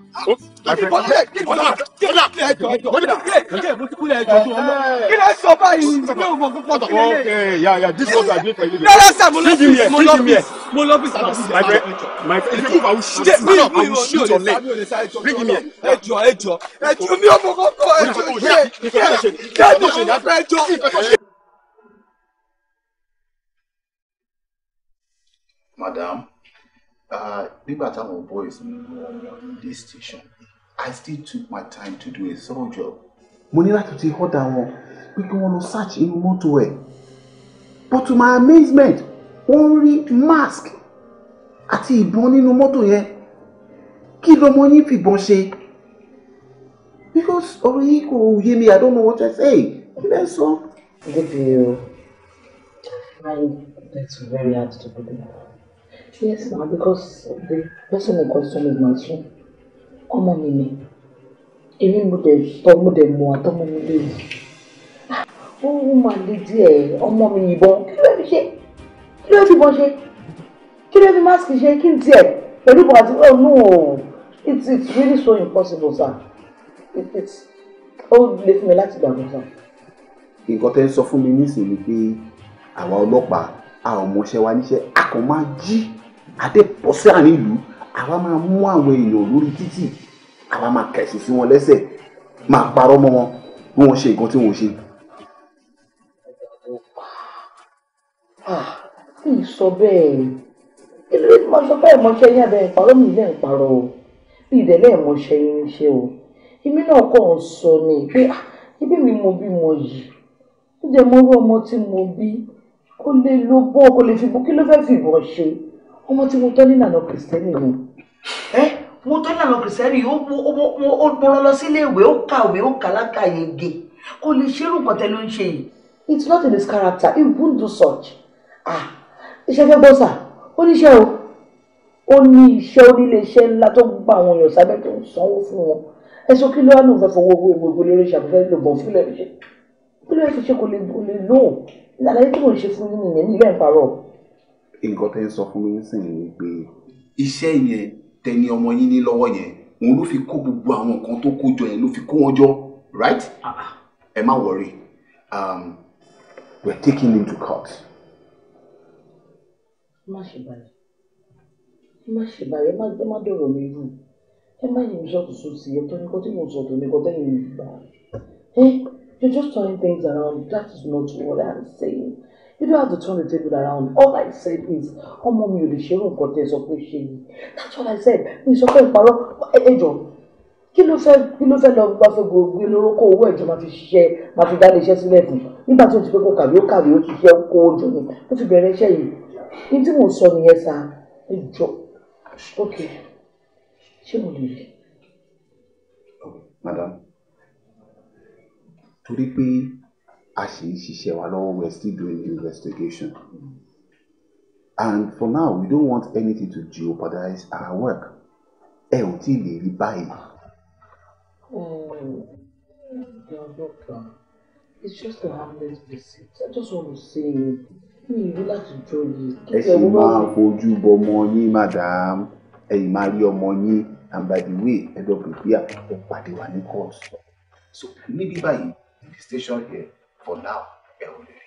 Bọ́lá bọ́lá bọ́lá ẹjọ́ ẹjọ́ bọ́lá ẹjọ́ mo ti kúlẹ̀ ẹjọ́ tó ọmọ. Kí lẹ sọ báyìí? Mi ò mọ̀ púpọ̀ tó kílẹ̀. Okay, yeah, yeah, this was agreed for you. Yẹ́rẹ́ sà, mo lọ bí mo lọ bí mo lọ bí sàlọ́ sí. My friend, my friend, if you will shoot your leg, I will shoot your leg. Bring him here. Ẹjọ́ ẹjọ́ ẹjọ́ mi ò mọ̀ kọ́kọ́ ẹjọ́ ṣe. Ẹjọ́ ẹjọ́ ẹjọ́. madam uh, nígbà táwọn boys mi mú ọmọ ilé station i still took my time to do a thorough job. mo ní láti ti họ́dà wọn pé kí wọ́n lọ search inú mọ́tò ẹ̀ but to my amazement wọ́n rí mask àti ìbọn nínú mọ́tò yẹn kí lọmọ yín fìbọn ṣe because ọ̀rọ̀ yìí kò yé mi i don't know what to say kí lẹ́ sọ. good for oh. i find that very hard to believe. Yes, ma. because the person in question is my son. Ọmọ mi ni. even with the tọ́ mo dẹ̀ mọ àtọ́mọ mi léyìí. oh wú màá lé díẹ̀ ọmọ mi yìnbọn. Kí ló fi ṣe? Kí ló fi bọ́n ṣe? Kí ló fi máàsì ṣe? Kí n tiẹ̀? oh no, it's it's really so impossible sir. It it's ó lè fún mi láti gbàgbọ́ sir. Nǹkan tẹ́ sọ fún mi nísìnyí pé àwa ọlọ́pàá a ò mọṣẹ́ wa níṣẹ́ a kò máa jí adé pọ̀ sáàrin ìlú àwa máa mú àwọn èèyàn lórí títì àwa máa kẹ̀sùn sí wọn lẹ́sẹ̀ máa parọ́ mọ́ wọn bí wọ́n ṣe nǹkan tí wọ́n ṣe. kì í sọ bẹ́ẹ̀ èlò ètò máa sọ bẹ́ẹ̀ mọ́ṣẹ́ yín abẹ́ ìparọ́ mi lẹ́ ń parọ́ o bí ìdẹ́lẹ́ mọ́ṣẹ́ yín ń ṣe o èmi náà kọ́ ọ sọ ni pé ah, ibi mi mo bí mo yìí ó jẹ́ mọ́rú ọmọ tí mo bí kó lè lo bọ́ọ̀ kó lè fi bọ́ kí ló fẹ́ fìbọn ṣe ọmọ tí mo tọ́ nílànà kìrìsìtẹ́nì ni ẹ mo tọ́ nílànà kìrìsìtẹ́nì ó mọ lọ sílé ìwé ó kàwé ó kà lákàyègè kò lè ṣerú pọ̀tẹ́ ló ń ṣe yìí. it's not in his character he won't do such. ah iṣẹ́ fẹ́ gbọ́ sà ó níṣẹ́ o ó ní iṣẹ́ oníléeṣẹ́ ńlá tó gba àwọn èèyàn sábẹ́ tó ń sanwó fún wọn ẹ̀sùn kí ló wá lóun fẹ́ fowó owó ìwé ìwé lórí ìṣàkóso lòbọ̀n fúnlẹ̀ ṣe kí ló yẹ fi ṣe kò lè lóun ìlànà yìí tí mò ṣe fún yín nìyẹn nílẹ̀ ìparọ́ nǹkan tẹ́ ń sọ fún mi nísìnyí ni pé iṣẹ́ yẹn tẹni ọmọ yín ní lọ́wọ́ yẹn òun ló fi kó gbogbo àwọn nǹkan tó kó jọ yẹn ló fi kó wọn jọ right ah, ah. ẹ má worry um, we are taking him to court. má ṣe bàrẹ̀ má ṣe bàrẹ̀ ẹ má dọ̀rọ̀ mi rú ẹ má yẹ mi tuntun sí ẹ tó ní kó tí mo sọ tó ní kó tẹ́yìn mi gbà ẹ eh, you're just turning things around that is not what I am saying. You don't have to turn the table around. All I said is, ọmọ mi ò lè ṣerú nǹkan tẹ́ sọ pé ṣe That's what I said. Miss, sọ pé ìparọ́ ẹjọ́ kí ló fẹ́ kí ló fẹ́ lọ bá fẹ́ gbogbo lórúkọ owó ẹ̀jọ̀ máa fi ṣiṣẹ́ máa fi dálé iṣẹ́ sílẹ̀ fún nígbà tó ti pé kó kàwé ó kàwé ó ṣiṣẹ́ kó o jọ ni ó fi bẹ̀rẹ̀ iṣẹ́ yìí. Ní tí mò ń sọ nìyẹn sá ẹjọ́ ok ṣé mo lè rí. Madam torí pé a ṣì ń ṣiṣẹ́ wa lọ́wọ́ we are still doing investigation and for now we don't want anything to jeopardize our work ẹ ò tí ì lè rí báyìí. Doctor, it's just a harmless visit. I just want to say mi ì rí láti jọ yìí. ẹ sì máa fojú bọmọ yín madam ẹ̀yin máa rí ọmọ yín and by the way ẹ lọ prepare ẹ pàdé wa ní court so níbí báyìí the station here for now ẹ ò lè rí.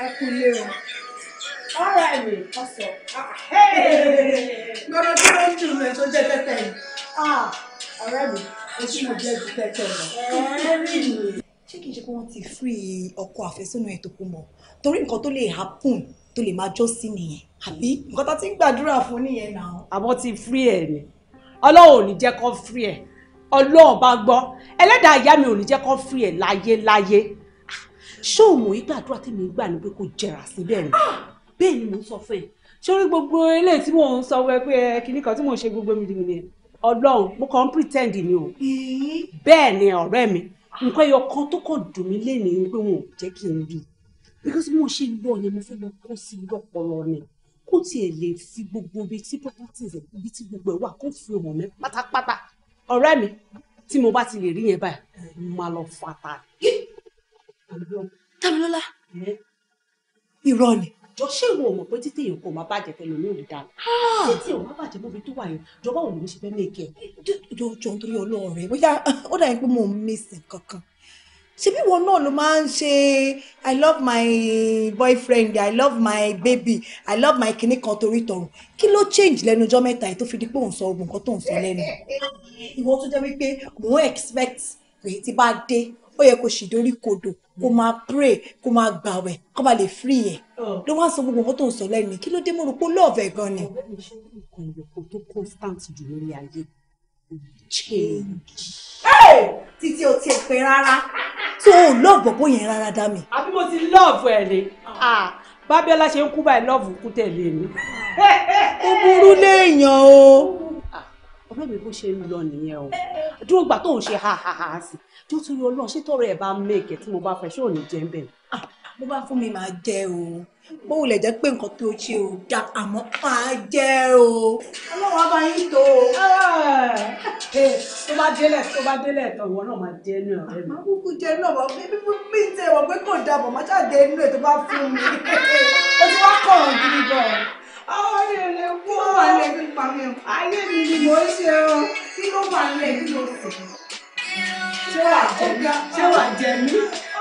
ẹ kú ilé o ọ̀rọ̀ ẹmí ọsọ gbọ́dọ̀ tí ó ń dùn mí tó jẹ tẹtẹ yìí ah, ọ̀rẹ́ mi oṣù ṣé kìí ṣe pé wọ́n ti free ọkọ àfẹ́sọ́nà ẹ̀ tó kú mọ́ torí nǹkan tó lè happen tó lè máa jọ́sìn nìyẹn àbí nǹkan tá ti ń gbàdúrà fún nìyẹn náà. àmọ́ ti free ẹ̀ ni ọlọ́run ò ní jẹ́ kó free ẹ̀ ọlọ́run bá gbọ́ ẹlẹ́dàá ìyá mi ò ní jẹ́ kó free ẹ̀ láyé láyé ah, ṣé o mọ̀ yípa àdúrà tí mi ń gbà ní pé kò jẹrà síbẹ̀ ni ah! bẹ́ẹ̀ ni mo ń sọ fún ẹ sórí gbogbo eléyìí tí mò ń sọ wẹ pé kinní kan tí mò ń ṣe gbogbo mi ni ọlọ́run mo kàn ń pretend ni o bẹ́ẹ̀ ni ọ̀rẹ́ mi nǹkan ẹyọ kan tó kàn dùn mí léèní ni pé wọn ò jẹ́ kí n rí i because mo ṣe lọ yẹn mo fẹ́ lọ kó sí lọ́pọlọ ni kó tiẹ̀ lè fi gbogbo ibi tí properties ẹ̀ ibi tí gbogbo ẹ̀ wà kó fi hàn mí pátápátá ọ̀rẹ́ mi tí mo bá ti lè rí yẹn báyìí mo máa lọ fata. Tàmílọ́lá irọ́ ni jọ ṣé ìwọ mọ̀ pé títí èèyàn kò máa bàjẹ́ pẹ̀lú olóòlù dànù títí èèyàn máa bàjẹ́ mọ́bi tó wà yẹn jọba òun ló ṣe fẹ́ mẹ́kẹ́. jọjọ nítorí ọlọ́run rẹ bóyá ó dà yín pé mo ń mísìn kankan ṣebí wọn náà ló máa ń ṣe i love my boyfriend i love my baby i love my kinní kan torí tọrùn kí ló change lẹ́nu ọjọ́ mẹ́ta yìí tó fi di pé òun sọ ogun kan tó ń sọ lẹ́nu [laughs] ìwọ tó jẹ́ wípé òun expect pé tí bá dé ó yẹ kó sì dorí kodò kó máa pray kó máa gbàwẹ̀ kó máa lè free yẹ oh. ló wá sọ gbogbo nǹkan tó ń sọ lẹ́nu kí ló dé mo rò pé love ẹ̀ gan ni. Oh, ìkànnìkò tó constant jù lórí ayé títí o tiẹ̀ pé rárá tó o love bó yẹn rárá dá mi. àbí mo ti love ẹ̀ ni bábíọ́lá ṣe ń kú báyìí love kú tẹ̀lé mi. ó burú léèyàn o. ọ̀rẹ́ mi bó ṣe ń lọ nìyẹn o dúró gbà tó ń ṣe ha ha ha sí tó tún yọ lọ́ọ́ ṣé tọrọ ẹ̀ bá mẹ́ẹ̀kẹ́ tí mo bá fẹ́ ṣé ò ní jẹ́ ń bẹ̀. bó ah, bá fún mi máa jẹ o bó wulẹ̀ jẹ́ pé nǹkan tó ṣe ò dá àmọ́ máa jẹ o. ọlọ́run á bá yín tó o. Eh, eh, tó bá délẹ̀ tó bá délẹ̀ tán ìwọ náà máa jẹ inú ọ̀rẹ́ mi. àkókò jẹ náà mọ bí mi ń tẹ ìwọ pé kò dà bọ̀ máa ṣàdé inú ẹ̀ tó bá fún mi. o ti wá kọ̀ ọ́ gidi gan. àwọn ayé mi ni mo ṣe o kí ló wà lẹ́gbẹ̀ẹ́ ṣé wà jẹ ṣé wà jẹ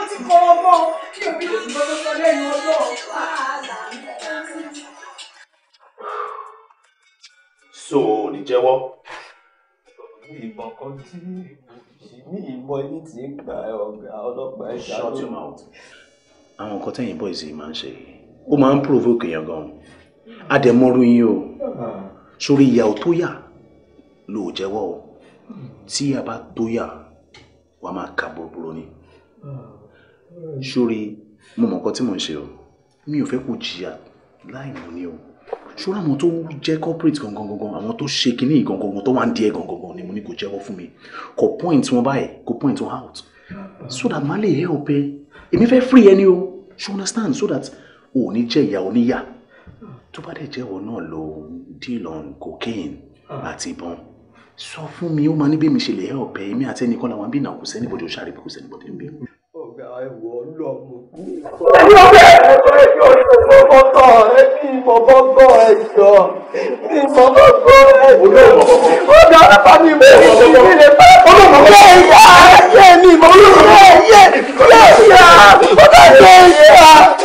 ó ti kọ́ ọmọ kí òbí lè gbọ́ tó sọ lẹ́yìn ọjọ́. so ní jẹ́wọ́. ìbọn kan tí ní ìbọn ẹni tí ń gba ọ̀gá ọlọ́pàá ẹ̀ka ló. him out. àwọn nǹkan tẹ̀yìn boys yìí máa ń ṣe yìí ó máa ń provoke èèyàn gan-an adẹ̀mọ́rú yín o sórí ìyàwó tó yà ló jẹ́wọ́ o tí a bá tó yà wàá máa ka búrúburú ni ah, ah. sórí mo mọ̀ nǹkan tí mò ń ṣe o mi ò fẹ́ kó jìyà láì mọ̀ ni o ṣọ́ra àwọn tó jẹ́ corporate gangan gangan àwọn tó ṣe kinní gangan gangan tó wà ń di ẹ̀ gangan gangan ni mo ní kó jẹ́wọ́ fún mi kò point wọn báyìí kò point wọn out so that má lè help ẹ èmi fẹ́ free ẹni o you understand so that o ò ní jẹ́ ìyà oníyà tó bá dẹ̀ jẹ́wọ́ náà lo deal on cocaine ah. àti ìbọn sọ fún mi ó máa níbi mi ṣe lè ẹ ọbẹ èmi àti ẹnì kan làwọn bí ìnáwó sẹni bòde òṣàrè bí kò sẹni bòde ń bí. ọgbà ẹwọ lọ mọ. ẹni ọgbẹ ẹjọ ẹbí onígbòmọ bọtọ ẹbí ìmọbọ gbọ ẹjọ ìmọbọ gbọ ẹjọ ọgbà ọlọpàá mi mú mi mi lè fẹ olùkọ bẹ ẹyà ẹyẹ mi mọ olùkọ bẹ ẹyẹ ẹyà ọgbà bẹ ẹyà.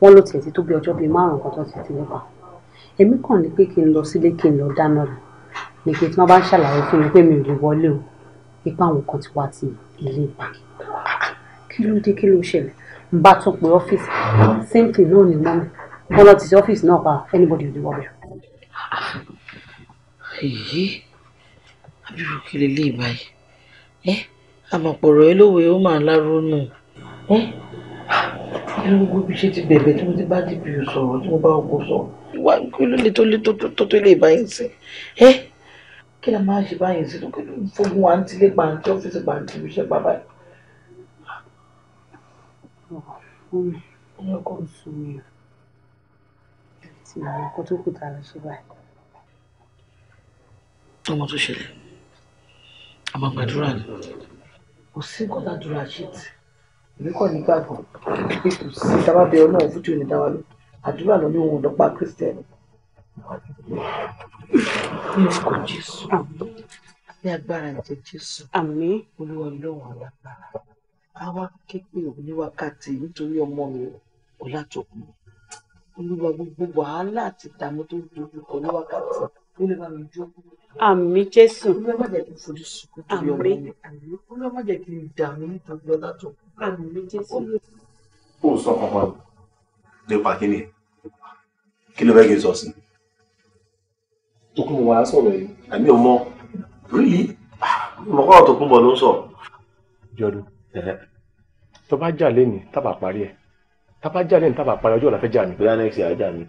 wọ́n ló tiẹ̀ ti tó bí ọjọ́ bíi márùn-ún kan tó ti ti nípa èmi kàn ní pé kí n lọ sílé kí n lọ dáná rẹ̀ ní pé tí wọ́n bá ń ṣàlàyé fún mi pé mi ò lè wọlé o ipa àwọn kan ti wá ti ilé ìpa kí ló dé kí ló ṣẹlẹ̀ n bá tún pé ọ́fíìsì same thing náà ni mọ́mí bọ́lá ti ṣe ọ́fíìsì náà pa anybody ò lè wọ bẹ̀rẹ̀. èyí abirù kí lè lè báyìí ẹ àmọ̀pọ̀rọ̀ ẹ lówe ó máa láró ẹ irú gbogbo ṣe ti bẹ̀bẹ̀ tí mo ti bá dìbò sọ̀rọ̀ tí mo bá ọkọ sọ̀rọ̀. ìwà kí ló lè tó lè tó tó lè báyìí sí ẹ kí la máa ṣe báyìí sí tó kí ló ń fogun wa ń tilé pàǹtí ọ́fíìsì pàǹtí ibiṣẹ́ bàbá yìí. ọkọ sùn mi ò tí àwọn ọkọ tó kù tá a lọ ṣe báyìí. ọmọ tó ṣẹlẹ̀ àmọ́ gbàdúrà ni kò sí nǹkan dúró àṣetì èmi kàn nígbàgbọ́ pé kò sí tábàbẹ Ọlọ́run fújì òní dáwà lọ àdúrà lọ ní ohun ọdọpá Kristẹni. orúkọ Jésù ní agbára ìjẹ Jésù àmín Olúwa Ọlọ́run alágbára àwa képe òní wákàtí nítorí ọmọ mi Ọlátòkun Olúwa gbogbo wàhálà àti ìdààmú tó dojú kọ ní wákàtí ó lè bá mi jó kúrò. Àmì Jésù. Olúwa má jẹ́ kí n fojú sunkún torí ọmọ mi. Olúwa má jẹ́ kí n dààmú nítorí Ọlátòkun ó sọ kankan nípa kíni kí ló fẹ́ kí n sọ sí. Tókùnbọ̀ wàá sọ̀rọ̀ yìí. Àmì ò mọ rílì mọ̀kọ́rọ̀ ah, Tókùnbọ̀ ló ń sọ. Jọdún tó bá jà lẹ́nìí tábà parí ẹ̀ tábà jà lẹ́nìí tábà parí ọjọ́ ọ̀la fẹ́ jà mí. Bóyá next year ajá mi.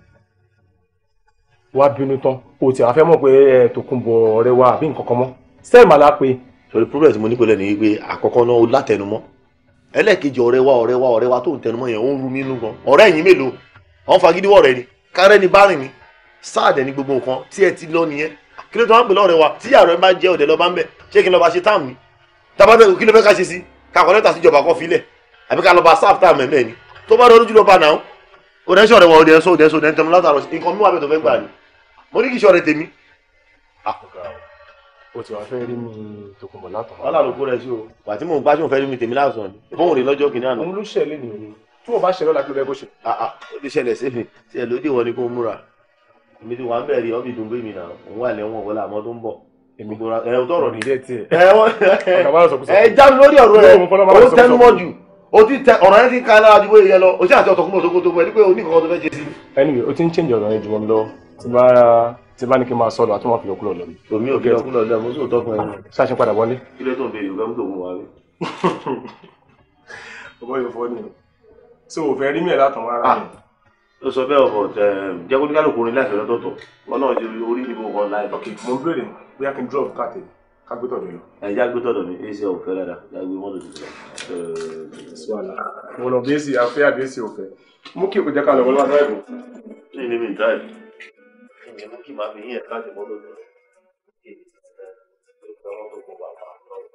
Wá bínú tán o tí a fẹ́ mọ̀ pé Tókùnbọ̀ ọ̀rẹ́ wa àbí nǹkan kan mọ́ sẹ́ẹ̀ màlá pé. Sọ̀rọ̀ progress mo ní pẹ̀lẹ́ ni wípé àkọ́kọ́ náà ó látẹnumọ́ ẹlẹ́ẹ̀kejì ọ̀rẹ́ wa ọ̀rẹ́ wa ọ̀rẹ́ wa tó ń tẹnumọ́ yẹn ó ń ru mí nínú gan ọ̀rẹ́ yín mélòó àwọn fagídí wọ̀rẹ́ ni kárẹ́ ni bá ni sáàdẹ̀ ni gbogbo nǹkan tí ẹ ti lọ nìyẹn kí ló tó wá ń pè lọ́rẹ́ wa tí yàrá ẹ bá jẹ́ ọ̀dẹ̀ lọ́ba ń bẹ̀ ṣé kí n lọ́ba ṣe táàmù ni tábàtà kí ló fẹ́ ká ṣe sí kakọ̀ lẹ́tà síjọba kan filẹ̀ àbí ká lọ́ba sáà ni tó bá rọrùn jùlọ bá nà ó ọ̀dẹ̀ ṣọ̀rẹ́ wa ọ̀dẹ̀ ṣọ̀ ọ̀dẹ̀ ṣọ̀ ọ̀dẹ̀ tẹ̀mú látàrọ̀ nǹkan mi wà o ti wá fẹ́ rí mi tòkùnbọ̀ látọ̀. wàhálà ló kó sí o wà tí mò ń bá ṣe òun fẹ́ rí mi tèmi láàsán ni fóun rè lọ́jọ́ kìnìún àná. òun ló ṣẹlẹ̀ nìyí tí mo bá ṣẹlẹ̀ ọ̀la kí ló fẹ́ kó ṣe. Ah, ah, ó ti ṣẹlẹ̀ sí mi ṣe lóde wọn ni kó múra èmi ti wà ń bẹ̀rẹ̀ ọ́ bí dùn bí mi náà òun wà lẹ́wọ̀n wọlé àmọ́ tó ń bọ̀ èmi gbọ́ra ẹ̀ ọ̀tọ̀ ni. ẹ já lórí ọ̀rọ̀ rẹ o tẹnu mọ́ o ti tẹ ọ̀rọ̀ yẹn ti ka o ti o ní o tí bá ní kí n máa sọ̀rọ̀ àtúmọ̀ fi ọkùnrin ọ̀lọ́bí. omi ò fi ọkùnrin ọ̀lọ́bí àmọ́ sóòótọ́ kan ẹ̀rọ. ṣáṣe padà wọlé. kí ló tó ń bèrè ògbámú tó mú wa rí. [laughs] ọmọ yóò fọ́ ni so ò fẹ́ rí mi ẹ̀ látàn rárá. Ah, ó sọ bẹ́ẹ̀ ọ̀bọ̀ tẹ eh, jẹ́ kó ní kálukú orin láìpẹ́ lọ́tọ̀ọ̀tọ̀ wọn náà jẹ́ orí níbo kan láì. ok mo ń bèrè bóyá kí n drop káàtì kágbétọ̀dọ̀ lọ. ẹ jágbétọ̀dọ̀ mi èsì ọ̀fẹ́ rárá jágbé mọ́tò tuntun lọ. mo lọ bí èsì afẹ́ àbí èsì ọ̀fẹ́ mú kí èkó jẹ́ ká lọ wọlé wá dáìbò. ní ní mi dáìbò. mesmo que uma vinha atrás de mundo. Né, eu do Bubapá. Vamos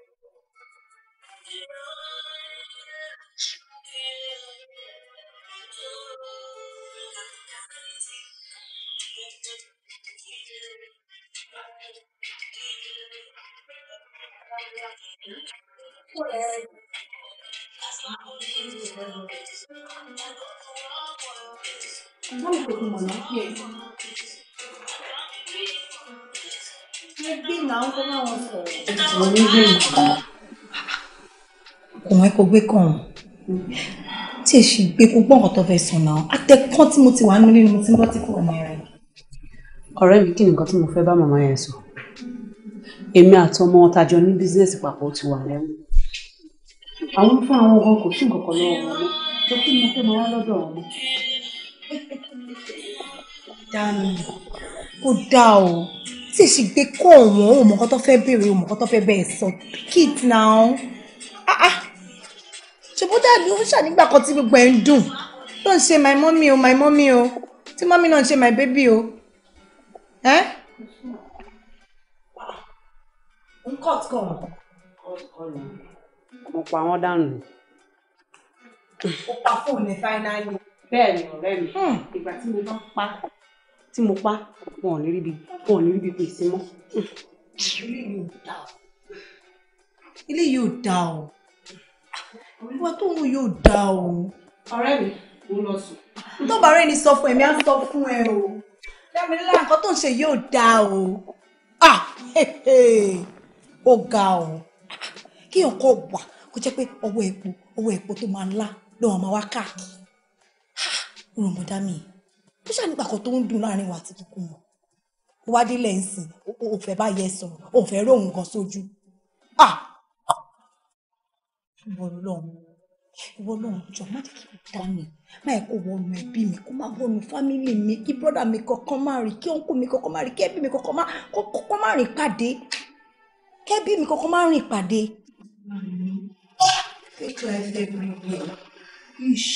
ter que né? mo ní gbé nǹkan kò mọ ẹkọ gbé kàn tí èsì gbé gbogbo ọkọ tó fẹ́ sùn náà atẹkọ tí mo ti wà nílé ni mo ti ń bọ̀ tí kò mọ rẹ. ọ̀rẹ́ mi kí nǹkan tí mo fẹ́ bá màmá yẹn sọ èmi àtọmọ tajọ ní bísíǹsì papọ̀ ti wà lẹ́wọ̀n àwọn fún àwọn ọkọ kò sí nǹkan kan lọ́wọ́ wọn tó kí mo fẹ́ mọ wá lọ́dọ̀ wọn. dami ó dáa o tí èsì gbé kó wọn ò mọ̀ nǹkan tó fẹ́ béèrè ò mọ̀ nǹkan tó fẹ́ bẹ́ẹ̀ sọ kit náà ṣùgbọ́n dàbí ó ṣànígbà kan tí gbogbo ẹ̀ ń dùn tó ń ṣe my mommy o my mommy o tí mommy náà ń ṣe my baby o. n cut kọ mo pa wọn dànù. ó pa fóònù ẹ finally. bẹ́ẹ̀ ni ọ̀rẹ́ mi hmm. ìgbà tí mo bá pa tí mo pa wọn ò ní ríbi wọn ò ní ríbi pèsè mọ́. ilé yóò dà o ìwà tó ń wò yóò dà o. ọ̀rẹ́ mi mo lọ sùn. tó bá rẹ́ni sọ fún ẹ̀mí á sọ fún ẹ o lẹ́mìnlá nǹkan tó ń ṣe yóò dà o ó ga o kí ọkọ wà kó jẹ́ pé ọwọ́ epo ọwọ́ epo tó máa ń lá ló máa wá káàkiri ròmọdá mi ó ṣànípa kan tó ń dùn láàrin wa àti kíkún mọ́ ó wá délé nsìn ó fẹ́ bá yẹ sọ̀rọ̀ ó fẹ́ róhun kan sójú ìwọ ìwọ lọ́hùn jọ má jẹ́ kí n dá mi má yẹ kó wọnú ẹbí mi kó má wọnú fámìlì mi kí brọ́dà mi kankan má rìn kí ọ̀nkù mi kankan má rìn kí ẹbí mi kankan má rìn pàdé kẹ́bí mi kankan má rìn pàdé. ètò ẹ̀fẹ̀ gbogbo ẹ̀ ish.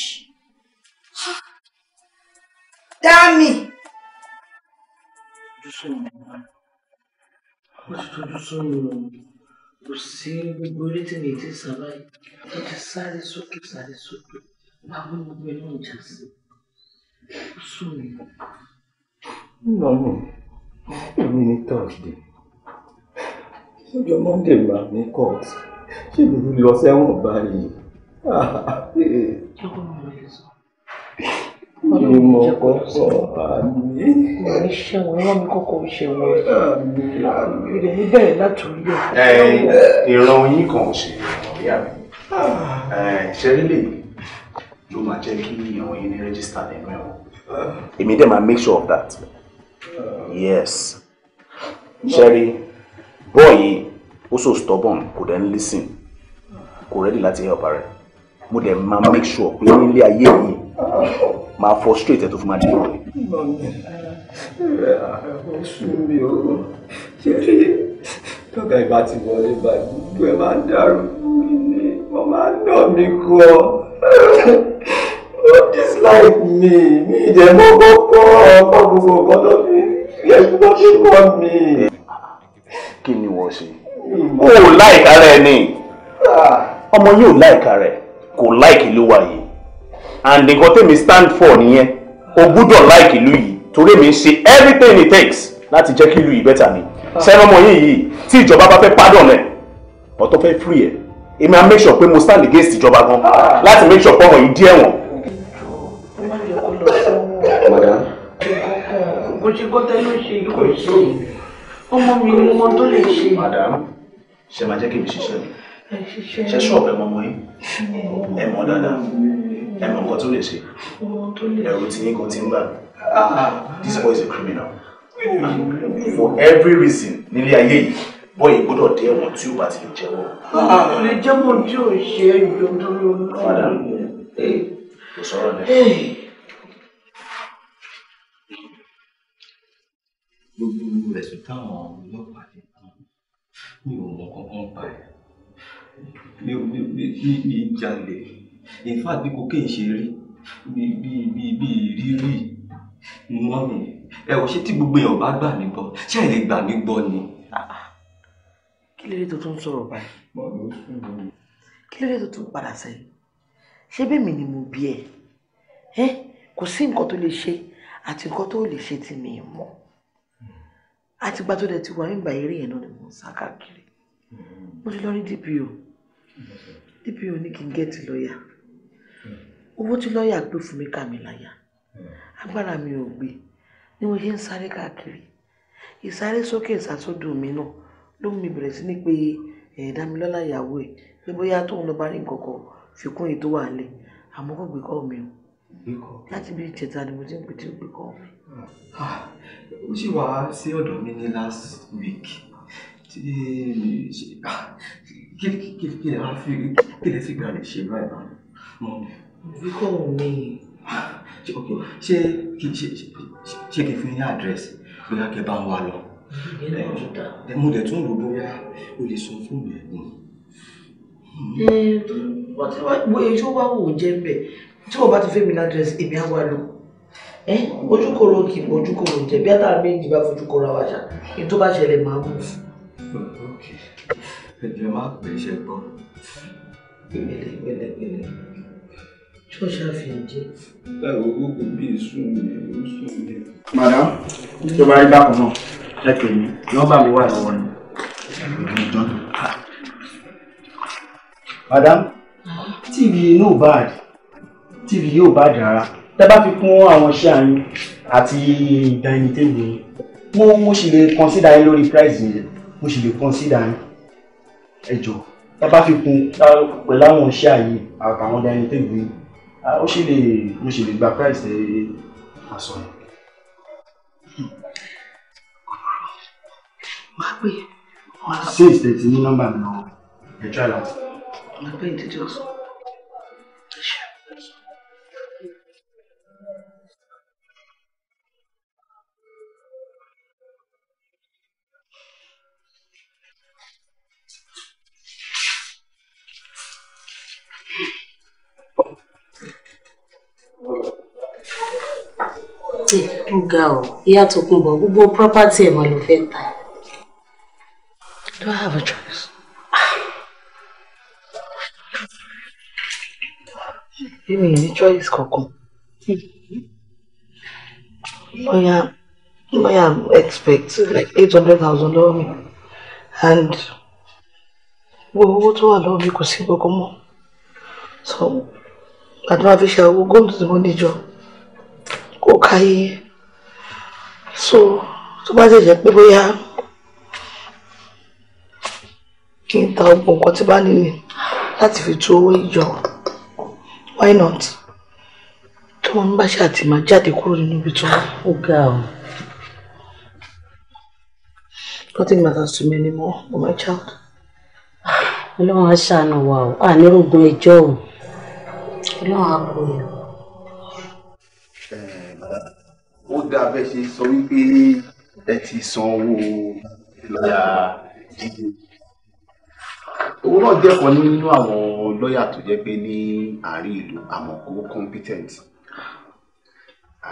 Dami. Kò sí gbogbo orí tí mi ti sábà yìí. Wọ́n ti sáré sókè sáré sókè. Máa mú gbogbo inú ìjà sí. Kò sùn mí. Nígbà mọ̀, èmi ní Thursday. Lọ́jọ́ Monday máa ní court. Ṣé mi lọ sẹ́wọ̀n báyìí? Yọ̀wọ̀ ah, mi eh ni mo kọ́kọ́ àmì. Ìwé iṣẹ́ wọn wọ́n mi kọ́kọ́ ṣe wọ́n. Àmì àmì. Ìrẹ̀lẹ̀ bẹ̀rẹ̀ látòrí ẹ̀. Ìran yín kan ò ṣe ìyá mi. Ṣẹ́rí ló máa jẹ́ kí àwọn yín ní rẹ́gísítà nínú ẹ̀wọ̀n. Èmi dẹ̀ máa make sure of that. Yes. Ṣẹ́rí bọ́ọ̀yì ó so stubborn kò dẹ̀ ń listen kò ready láti help ara rẹ̀ mo dẹ̀ máa make sure pé nílé ayé yìí máa fọ straight ẹ tó fi máa dé ìwọ. mọ̀mí ẹ̀rọ sún mi o ṣe rí tọ́ka ìbá ti wọlé báyìí gbogbo ẹ̀ máa ń dàrú mi wọ́n máa ń nà mí kọ́ ó dislike me, mi ìdẹ̀ mọ́ kọ́kọ́ ọkọ̀ gbogbo ọkọ̀ tó fi yẹ kí wọ́n ṣe kọ́ mi. kí ni wọ́n ṣe? ó láìka rẹ̀ ni ah. ọmọ yóò láìka rẹ̀ kò láìkì ló wà yìí and nǹkan tèmi stand for nìyẹn o gbúdọ̀ like ìlú yìí torí èmi ń ṣe everything it takes láti jẹ́ kí ìlú yìí better ni sẹ́nọ́mọ ah. yìí yìí tí ìjọba bá fẹ́ pardon ẹ̀ ọ̀tọ́ fẹ́ free ẹ̀ èmi á make sure pé mo stand against ìjọba gan ah. láti make sure pọ́mọ yìí dí ẹ̀wọ̀n. kò ṣe gbọ́tẹ́ ló ṣe kò ṣe ọmọ mi ni mo tó lè ṣe. madam ṣe máa jẹ́ kí èmi ṣiṣẹ́ mi ṣe ṣọ́ọ̀bù ẹ̀ mọ́ mọ́ yín ẹ̀ mọ́ dáadáa ẹ mọ nǹkan tó lè ṣe ẹrù tí yín kan ti ń bà ah, ah, this boy is a criminal hmm. for every reason nílé ayé yìí bọ́ yìí gbọ́dọ̀ dé ẹ̀wọ̀n tí ó bá ti lè jẹ́wọ́. Ah, kò lè jẹ́wọ́ tí ò ṣe é jọ tó ló ń bá a lè. kò sọ̀rọ̀ lẹ́yìn. Eh. gbogbo ẹ̀sùn táwọn ọlọ́pàá ti kàn mi ò mọ kankan pa ẹ̀ mi ò mi ì jalè in fact bí cocaine ṣe rí bíi bíi bíi rírì mọ́mì ẹ wò ṣé tí gbogbo èèyàn bá gbà mí gbọ́ ṣé ẹ lè gbà mí gbọ́ ni. kí ló dé tó tún sọ̀rọ̀ báyìí kí ló dé tó tún padà sẹ́yìn ṣé bẹ́ẹ̀ mi ni mo bí ẹ ẹ kò sí nǹkan tó lè ṣe àti nǹkan tó lè ṣe tí mi mọ̀ àtìgbà tó dẹ̀ ti wà nígbà eré yẹn náà ni mo ń sá káàkiri mo ti lọ rí DPO mm-hmm. DPO ní kí n gẹ́ẹ̀tì lọ́ọ̀yà owó tí lọ́ọ̀yà gbé fún mi kà mí láyà agbára mi ò gbé ni mo ṣe ń sáré káàkiri ìsáré sókè ìsásódò mi náà ló mú mi bẹ̀rẹ̀ sí ní pé ẹ̀ẹ́dámilọ́lá ìyàwó ẹ̀ pé bóyá tóun lọ bá rí nǹkan kan fi kún èyí tó wà lẹ̀ àmọ́ kò gbé kọ́ mi o láti bí ìjẹta ni mo ti ń pè tí ó gbé kọ́ mi. Ah, ó sì wá sí ọ̀dọ̀ mi ní last week tí ah, kí lè fi gbà ṣe báyìí mọ́ Orúkọ mi. Ṣé kì í ṣe kì í fún yín àdírẹ́sì bóyá kẹ bá ń wá lọ? Mo dẹ̀ tún rò bóyá o lè sọ fún mi ẹ̀gbọ́n. Wo èyí tó wá wò ó jẹ́ bẹ̀ tí wọ́n bá ti fẹ́ mi ládírẹ́sì èmi á wá lọ. Ojúkòrò kì í ojúkòrò jẹ bí àtàwọn méjì bá fojú kọra wa ṣá ní tó bá ṣẹlẹ̀ máa mú. Ẹ̀jẹ̀ máa pè é ṣe gbọ́. Gbẹ̀lẹ̀ gbẹ̀lẹ̀ gbẹ̀lẹ̀ ṣó madam tí o bá rí bákan náà ẹ pè mí nọ́mbà mi wà lọ́wọ́ ni. madam tv no bad tv yóò bad rárá tẹ́ bá fi kún àwọn iṣẹ́ àyín àti dining table yìí mo mo sì lè consider yín lórí price yìí mo sì lè consider yín ẹ jọ̀ọ́ tẹ́ bá fi kún pẹ̀lú àwọn iṣẹ́ àyín àtàwọn dining table yìí Ah, ó ṣì lè mo ṣì lè gba price aṣọ yẹn. máa pè é. six thirty ní nọ́mbà mi lọ ẹ try láti. máa pè é dídí ọ̀sán. property tó ìyá tó kún bọ gbogbo property ẹ̀ máa ló fẹ́ ta. Do I have a choice? Èmi ò ní choice kankan. Bóyá bóyá expect like eight hundred thousand lọ́wọ́ mi and gbogbo owó tó wà lọ́wọ́ mi kò sí gbogbo mọ́. So àti máa fi ṣe àwọn gómìnà tí mo níjọ ayẹyẹ so tó bá jẹ̀jẹ̀ pé bóyá kí n ta ọgbọ̀n nǹkan tí bá nílẹ̀ láti fi tú owó ìjọ why not tó wọn bá ṣe àti máa jáde kúrò nínú ibi tó ó ga ọ. nothing matters to me anymore but my child. Ah, ọlọ́run á ṣàánú wa o ànírògùn ẹjọ́ o ọlọ́run á kó yẹ. ó dà bẹ́ẹ̀ ṣe sọ wípé ẹ ti san owó lọ́yà jíjẹ owó náà jẹ́ kan nínú àwọn lọ́yà tó jẹ́ pé ní àárín ìlú àmọ́ kó competent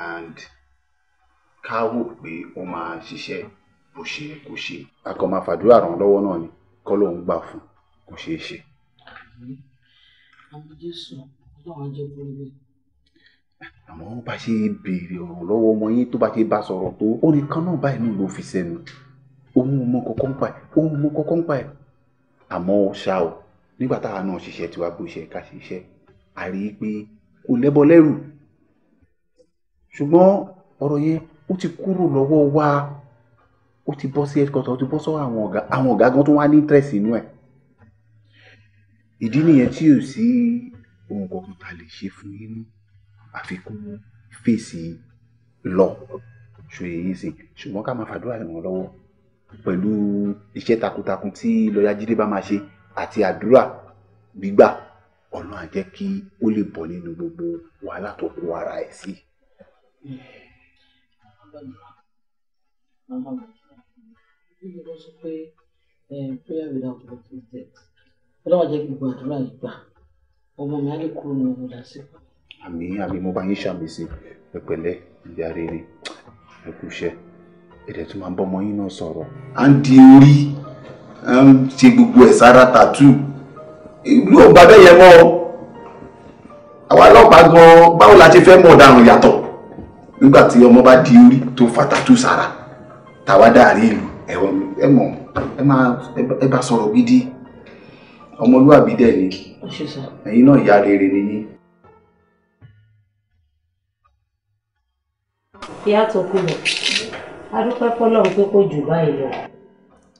and ká wò pé wọ́n máa ṣiṣẹ́ bó ṣe yẹ kó ṣe. a kàn máa fàdúrà ràn lọ́wọ́ náà ni kọ́ lóun gbà fún kó ṣeé ṣe. àwọn jésù ọlọ́run jẹ́ kó lè àmọ́ bá ṣe béèrè ọ̀rọ̀ lọ́wọ́ ọmọ yín tó bá ṣe bá sọ̀rọ̀ tó ó ní kan náà báyìí nílò fi sẹ́nu ohun ọmọ kọ̀ọ̀kan pa ẹ̀ ohun ọmọ kọ̀ọ̀kan pa ẹ̀ àmọ́ ṣá o nígbà táwa náà ṣiṣẹ́ tiwa bó ṣe ká ṣiṣẹ́ a rí i pé kò lẹ́bọ lẹ́rù ṣùgbọ́n ọ̀rọ̀ yẹn ó ti kúrò lọ́wọ́ wa ó ti bọ́ sí ẹ̀kọ́tọ̀ ó ti bọ́ sọ́wọ́ àwọn ọ̀gá àwọn ọ̀gá gan tó wá ní interest inú ẹ̀ ìdí nìyẹn àfi kó fèsì lọ ṣòye yìí ṣe ṣùgbọ́n ká máa fàdúrà ràn lọ́wọ́ pẹ̀lú iṣẹ́ takuntakun tí lọ́yà jíde bá máa ṣe àti àdúrà gbígbà ọ̀nà àjẹ́ kí ó lè bọ́ nínú gbogbo wàhálà tó kó ara ẹ̀ sí. ọlọ́wọ́ jẹ́ kí gbogbo àdúrà yìí gbà ọmọ mi á lè kúrò ní ọmọ lásìkò àmì àmì mo bá yín ṣàmì sí ẹ pẹ̀lẹ́ ìyá rere ẹ kú iṣẹ́ ẹ̀dẹ̀ tó máa ń bọ́mọ yín náà sọ̀rọ̀ à ń di orí à ń ṣe gbogbo ẹ̀ sára tàtú ìlú ò bá bẹ́ẹ̀ yẹ mọ́ ọ àwa ọlọ́pàá gan báwo la ṣe fẹ́ mọ̀ ọ̀daràn yàtọ̀ nígbà tí ọmọ bá di orí tó fa tàtú sára tàwa dáàrí ìlú ẹ mọ̀ ẹ máa ẹ bá sọ̀rọ̀ gidi ọmọlúwàbí dẹ̀ ni ẹ̀yin náà ìyá rere ni yín. ìyá tó kú lọ adúpẹ́ fọlọ́run pé kò jù báyìí lọ.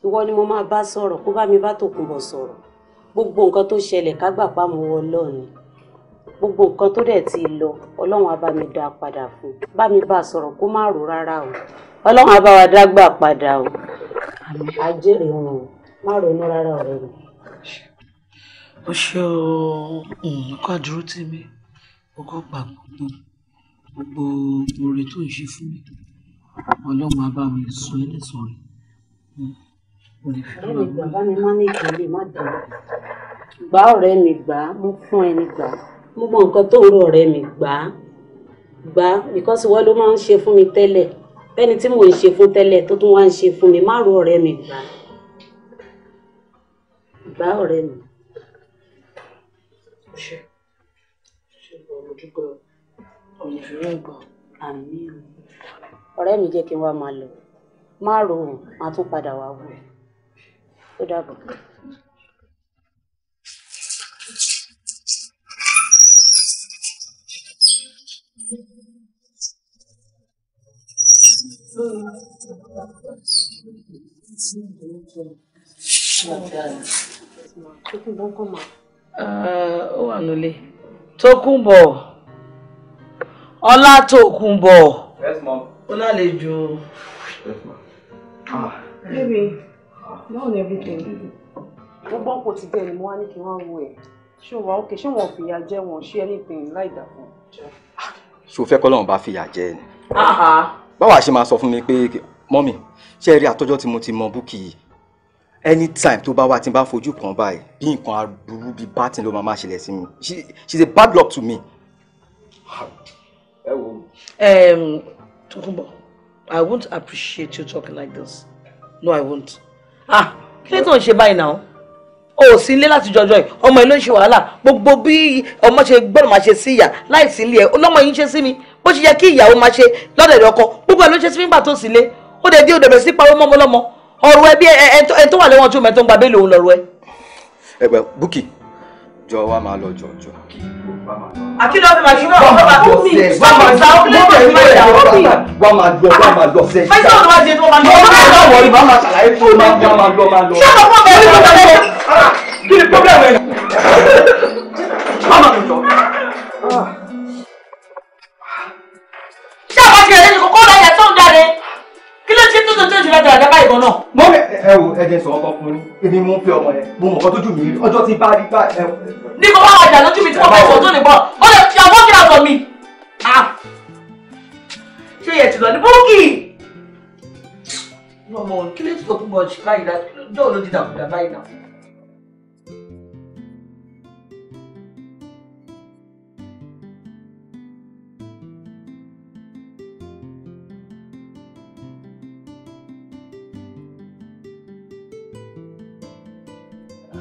ìwọ ni mo máa bá sọ̀rọ̀ kó bá mi bá Tòkunbọ̀ sọ̀rọ̀ gbogbo nǹkan tó ṣẹlẹ̀ ká gbà pa mọ́ Ọlọ́run gbogbo nǹkan tó dẹ̀ ti lọ Ọlọ́run á bá mi dá padà fún bá mi bá sọ̀rọ̀ kó má rò rárá o Ọlọ́run á bá wa dá gbà padà o àjèrè wọn o má ronú rárá ọ̀rẹ́ mi. ó ṣe ọ́ nǹkan dúró tì mí ogún gbàgbọ́ gbogbo oore tó ń ṣe fún mi ọlọ́run á bá mi sọ ẹ́ lẹ́sọ̀ rẹ̀. bẹ́ẹ̀ni bàbá mi máa ní ìkọ́lé má dẹ̀ gbà ọ̀rẹ́ mi gbà mú fún ẹni gbà mú mọ nǹkan tó ń rọ ọ̀rẹ́ mi gbà gbà because ìwọ ló máa ń ṣe fún mi tẹ́lẹ̀ bẹ́ni tí mò ń ṣe fún tẹ́lẹ̀ tó tún wá ń ṣe fún mi má rọ ọ̀rẹ́ mi gbà gbà ọ̀rẹ́ mi. Sure. Sure, well, would you go? o ọ̀rẹ́ mi jẹ́ kí n wá máa lọ má rò ó máa tún padà wá wò ó ó dàbọ̀. Tókunbọ̀ kọ́ máa. Ó Ọlátòkunbọ̀. Yes, ma'am. Ọlálejò. Yes, ma'am. Ah, baby, báwo ni everything? Mo gbọ́ kò ti bẹ́ẹ̀ ni mo wá ní kí wọ́n wo ẹ̀. Ṣé wọn òkè ṣé wọn fìyà jẹ wọn ṣé anything láì dà fún un? Ṣé o fẹ́ kọ́ lọ́run bá fìyà jẹ ni? Báwo a ṣe máa sọ fún mi pé mọ́mì ṣé ẹ rí àtọ́jọ́ tí mo ti mọ búùkì yìí? anytime tó bá wá tí n bá fojú kan báyìí bí nǹkan aburú bíi bá tí ló máa máa ṣẹlẹ̀ sí mi she is a bad luck to me. Um, Tokunbo, I won't appreciate you talking like this. No, I won't. Ah, kí ló tó ń ṣe báyìí náà? O ò sí ilé láti jọjọ́ yìí, ọmọ ẹ ló ń ṣe wàhálà. Gbogbo bí ọmọ ṣe gbọ́dọ̀ máa ṣe Oh no, ma inche ilé ẹ̀, ọlọ́mọ yìí ń ṣe sí mi. Bó ṣe yẹ kí ìyàwó máa ṣe lọ́dẹ̀dẹ̀ ọkọ, gbogbo ẹ̀ ló ń ṣe sí mi nígbà tó sì lé. Ó dẹ̀ dé ó dẹ̀bẹ̀ sí pariwo mọ́mọ́ lọ́mọ. Ọ̀rọ̀ ẹ bí ẹ tó wà lẹ́wọ̀n tó mẹ́ tó ń gba bẹ́ẹ̀lì òun lọ́rọ̀ jo. Ẹ gbà Búkì, jọ wa àti lọ́ọ́ fi máa ṣe náà wọ́n máa tó mi wọ́n máa ta ó lé pẹ̀lú ìwé ìyàwó mi. wọ́n máa lọ wọ́n máa lọ sẹ́yìn. fẹ́sẹ̀ ọ̀nà máa di ẹni wọ́n máa lọ. wọ́n máa lọ wọ́n máa ṣàlàyé fún un wọ́n máa lọ máa lọ. ṣé ọ̀pọ̀ bẹ̀rẹ̀ ló ń lọ. kí ni pọ́blẹ́mù ẹ̀. ṣe lọ́dọ̀ ọ̀dọ́ báyìí gan náà. mo ẹ wo ẹjẹ sọ ọkọ fún mi èmi mú fẹ́ ọmọ yẹn mo mọ̀ ọkọ tójú mi rí ọjọ́ bá rí bá ẹ. ní kò bá wà jà lójú mi tí mo fẹ́ sọ tó lè bọ̀ lè fi ọwọ́ kíra sọ mi. ṣé yẹ ti lọ ní búkì. ọmọ kí ló ti sọ fún mi ọ̀ṣì báyìí ló ti dàgbà báyìí náà.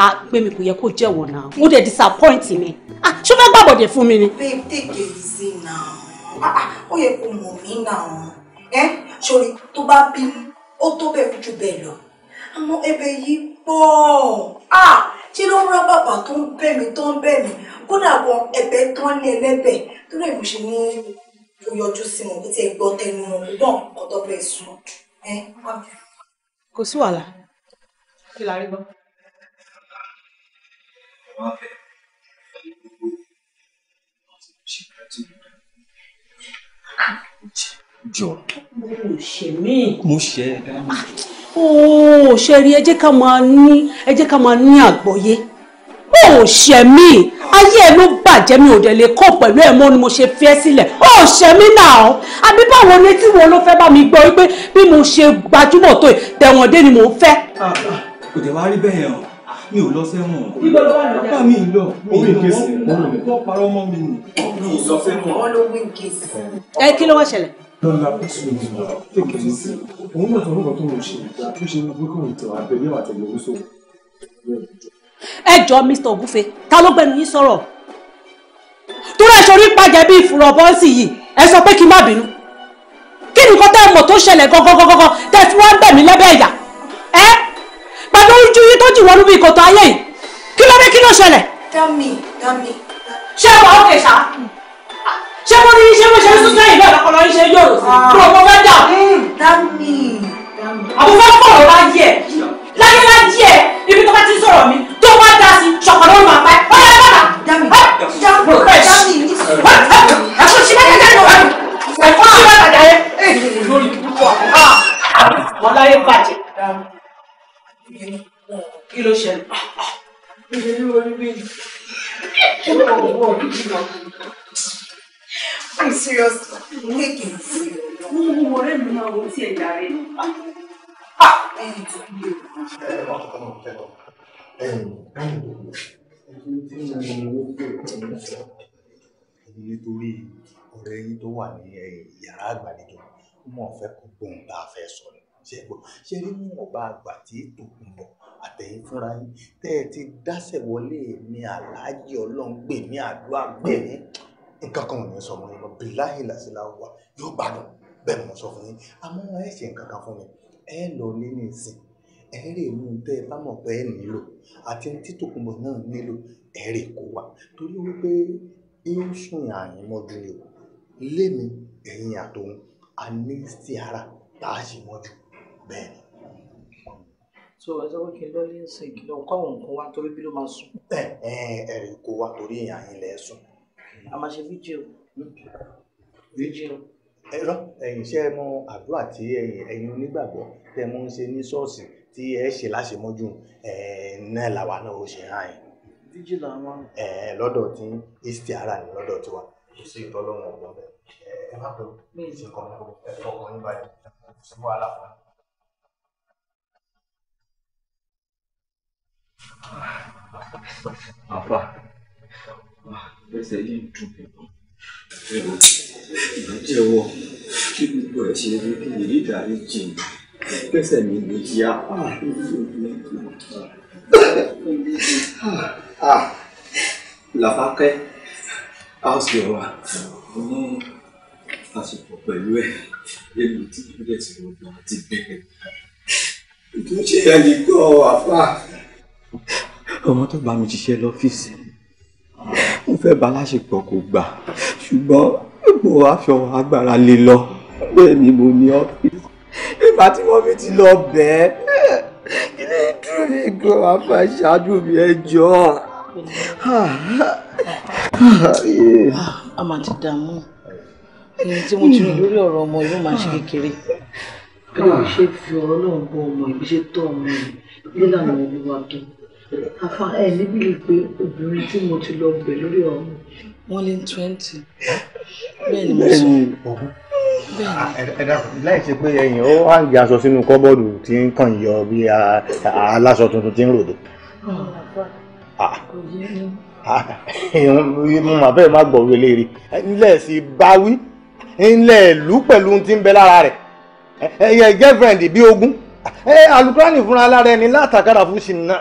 ah pé mi kò yẹ kó jẹ́wọ́ náà ó dẹ̀ disappoint mi ah ṣó fẹ́ gbàbọ̀dẹ̀ fún mi ni. babe take it easy now ah, ah ó yẹ kó mọ̀ mí now ẹ sori tó bá bí ó tó bẹ̀ fojú bẹ́ẹ̀ lọ àmọ́ ẹ̀bẹ̀ yìí pọ̀ ah ṣé ló múra bàbà tó ń bẹ̀ mí tó ń bẹ̀ mí kódà gan ẹ̀bẹ̀ tán lé ẹlẹ́bẹ̀ tó lè bó ṣe ní kó yọjú sí wọn kó tiẹ̀ gbọ́ tẹnu wọn gbọ́n kó tó bẹ̀ sùn ẹ. kò sí wàhálà kí la rí gbọ́ máa fẹ́ pẹ̀lú gbogbo ọtí tó ṣe kẹtù jọ. mo ṣe mí. mo ṣe ẹ dáná. ooo ṣe ẹ jẹ́ ká máa ní ẹ jẹ́ ká máa ní àgbọ́yé ó ṣe mí ayé ẹ ló bàjẹ́ mi ò dẹ̀ lè kọ́ pẹ̀lú ẹ̀ mọ́ ni mo ṣe fi sílẹ̀ ó ṣe mí náà àbí báwo ni tí wo ló fẹ́ bá mi gbọ́ wípé bí mo ṣe gbajúmọ̀ tó tẹ̀wọ̀n dé ni mò fẹ́. Ah, ah, kò tẹ̀ wá rí bẹ́ẹ̀ yẹn mi ò lọ sẹ́wọ̀n. ibo ló wà lọ́jà. bá mi lọ mi lọ wọ́n kọ́ parọ́ mọ́ mi nù. mi ì lọ sẹ́wọ̀n. wọ́n ló wí kéésì. ẹ kí ló wá ṣẹlẹ̀. lọ́la kò sí mi lọ tẹ̀kẹ́ mi sí òun náà tọrọ nǹkan tó ń ṣe bó ṣe ń gbé kó ìtàn àbẹ̀lẹ̀ àtẹ̀lẹ̀ owó sọ. ẹ jọ Mr. Obufe ta ló gbẹnu yín sọ̀rọ̀ tó rẹ̀ ṣorí pàjẹ́ bí ìfúrọ̀ bọ́ǹsì yìí ẹ sọ pé kí n má bínú kí nìkan tẹ́ ẹ mọ̀ tó ṣẹlẹ̀ gangan gangan tẹ́ ẹ fi wá ń bẹ̀ mí lẹ́bẹ̀ẹ́ yà ẹ́ pẹ̀lú ojú yín tó jì wọ́n níbi ìkòtò ayé yìí kí ló dé kí ló ṣẹlẹ̀. dami dami. ṣé wàá ó kè ṣé mo ní ṣé mo ṣe sún sẹ́yìn bẹ́ẹ̀ lọ́kọ̀ọ́ yín ṣe ń yòrò tó mo fẹ́ dà. Hmm, dami. àbúfẹ́ fọ̀rọ̀ bá yẹ láyé láyé ẹ ibi tó bá ti sọ̀rọ̀ mi tó bá dá sí ṣọ̀kọ̀ ló máa pa ọ̀rẹ́ bàbá. dami dami dami ní sọ̀rọ̀. ẹ̀kọ́ ṣí bẹ́ẹ̀ kẹ́kẹ́ lọ́wọ́ ẹ̀kọ́ ṣí bẹ́ẹ̀ kẹ́kẹ́ lọ́wọ́ ẹ̀kọ́ ṣí bẹ́ẹ̀ kẹ́kẹ́ lọ́wọ́ bínú kí ló ṣẹlẹ̀ ìdílé orí bínú kí ló wọ̀ wọ̀ bínú náà. I'm serious take it serious. mo mú ọ̀rẹ́ mi náà wọ sí ẹ̀yà rẹ̀. ẹ̀yìn tó ń bí o. ẹ ẹ wàá kọ́ ọ́ ẹ̀yìn ẹ̀yìn nítorí ọ̀rẹ́ yín tó wà ní yàrá àgbàlejò ó mọ̀ fẹ́ kó gbóhùn bá a fẹ́ sọ ni ṣẹ́gbọ́ ṣe rí níwọ̀nba àgbà tí Tòkunbọ̀ àtẹ̀yìn fúnra yín tẹ́ ẹ ti dáṣẹ̀ wọlé mi aláàjì ọlọ́ngbè ní àdúrà gbẹ̀yìn nǹkan kan ò ní sọ wọn lọ bíláhì làṣìlá wa yóò gbádùn bẹ́ẹ̀ mo sọ fún yín àmọ́ ẹ ṣe nǹkan kan fún mi ẹ lọ ní nísìn ẹ rè mú un tẹ́ ẹ bá mọ̀ pé ẹ nílò àti tí Tòkunbọ̀ náà nílò ẹ rè kó wa torí wípé yóò sùn àyìn mọ́jú ni o lémi ẹ̀yìn àtòun a ní sí ara tá a ṣe mọ́jú bẹ́ẹ̀ ni. so ẹ sọ pé kí n lọ lé ṣe kí lọ kọ́ àwọn nǹkan wá torí bí ló máa sùn. ẹ ẹ ẹ kó wá torí èèyàn yín lẹ sùn. a máa ṣe fídíò fídíò. ẹ lọ ẹ̀yin ṣe mọ àdúrà tí ẹ̀yin ẹ̀yin onígbàgbọ́ tẹ́ mọ ń ṣe ní ṣọ́ọ̀ṣì tí ẹ ṣe láṣemọjú ẹ náà làwa náà ó ṣe hàn yín. fídíò làwọn. ẹ lọ́dọ̀ tí ìsìtì ara ni lọ́dọ̀ tiwa kò sí ìtọ́lọ́wọ̀n ọ̀gbọ́n bẹ́ẹ̀ ẹ má bẹ̀rù mi ì ṣe nǹkan ẹ fọkàn yín balẹ̀ kò sí wàhálà fún mi. àfà ẹsẹ̀ yìí ń dùn mí bọ̀. ẹ̀rọ ìdájẹ́wọ́ kí gbogbo ẹ̀ ṣe rí kí èyí dárí jìn kẹsẹ̀ mi ló yá. Ah, ah, ah, làfákẹ́ house girl wa mo ní àsopọ̀ pẹ̀lú ẹ̀ èmi tí kúrẹ́ ti rọ̀ gbà ti bẹ̀rẹ̀. ìtúnṣe ẹ̀ lè gbọ́ àfà ọmọ tó bá mi ṣiṣẹ́ lọ́fíìsì mo fẹ́ bá láṣepọ̀ kò gbà ṣùgbọ́n mo wá fi ọwọ́ agbára lé lọ bẹ́ẹ̀ ni mo ní ọ́fíìsì ìgbà tí wọ́n fi ti lọ bẹ́ẹ̀ ilé ìdúró mi gan afọ ìṣáájú mi ẹ jọ. a máa ti dààmú ẹni tí mo ti rí lórí ọ̀rọ̀ ọmọ yóò máa ṣe kékeré. bí wọ́n ṣe fi ọ̀rọ̀ náà bọ ọmọ ìbí ṣe ọmọ yìí nílànà olúwa tó àfa ẹ níbi lè obìnrin tí mo ti lọ bẹ̀ lórí ọ̀hún. wọ́n lé twenty bẹ́ẹ̀ mo sọ láì ṣe pé ẹ̀yin ó wá gbé aṣọ sínú kọ́bọ́ọ̀dù tí ń kàn yọ bí aláṣọ tuntun tí ń ròde. Ah. Ah. Ah. mo mà bẹ́ẹ̀ má gbọ́ wele rí nílẹ̀ sí báwí nílẹ̀ ìlú pẹ̀lú ti ń bẹ lára rẹ̀ ẹ̀yẹ girlfriend bí ogún alukurani fúnra lára ẹni látàkàrà fún ṣìnà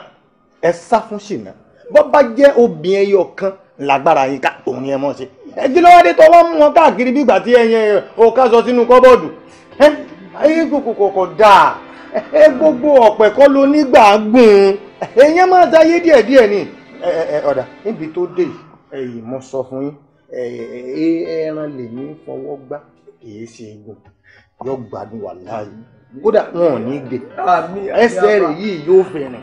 ẹ sá fún ṣìnà bó bá jẹ́ obìnrin ẹyọ kan lágbára yín ká òun ni ẹ mọ̀ ṣe ẹ kí ló wá dé tó wọ́n mú wọn káàkiri bí ìgbà tí ẹyẹ o ká sọ sínú kọ́bọ̀dù ẹ ayé kòkòkò kò dáa ẹ gbogbo ọ̀pẹ̀ kọ́ ló nígbà gùn èèyàn máa ta ayé díẹ̀ díẹ̀ ni ọ̀dà níbi tó dé ẹ̀yìn mo sọ fún yín ẹran lèmi fọwọ́ gbá kì í ṣe egun yóò gbádùn wà láàyè kódà wọn ò ní gbé ẹsẹ̀ rẹ̀ yìí yóò fẹ̀rẹ̀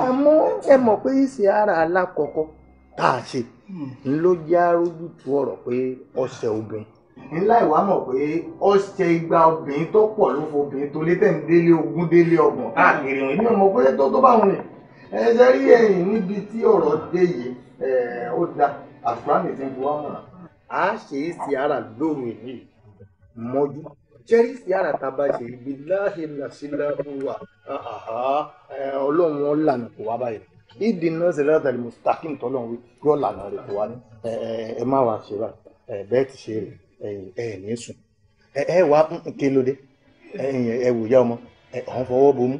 àmọ́ ẹ mọ̀ pé ìsì ara alákọ̀ọ́kọ́ tá a ṣe ń hmm. ló já rójútu ọ̀rọ̀ pé ọ̀sẹ̀ obìnrin ńlá ìwà mọ̀ pé ọ̀sẹ̀ igba obìnrin tó pọ̀ ló fo obìnrin tó lé tẹ̀yìn délé ogún délé ọgbọ̀n káàkiri wọn èmi ọmọ bóyá tó tó bá wọn rìn ẹsẹ rí ẹ̀yìn níbi tí ọ̀rọ̀ dé yìí ó da àfúrámì ti ń bu wọn mọ̀. a ṣe é sí ara lóru èyí mọ́jú jẹ́rí yàrá tàbá ṣe ibi láhìláṣíláhùwà ọlọ́run ọ̀lànà kò wá báyìí ìdìnnà sẹlẹ̀tà ni mustakim tọ́lọ́run wí yọ ọ̀lànà rẹ̀ kò wá ní ẹ má wàá ṣe bá bẹ́ẹ̀ ti ṣe rè ẹ ní sùn ẹ wá ké lóde ẹ wò yá ọmọ ẹ ọ̀hún fọwọ́ bomú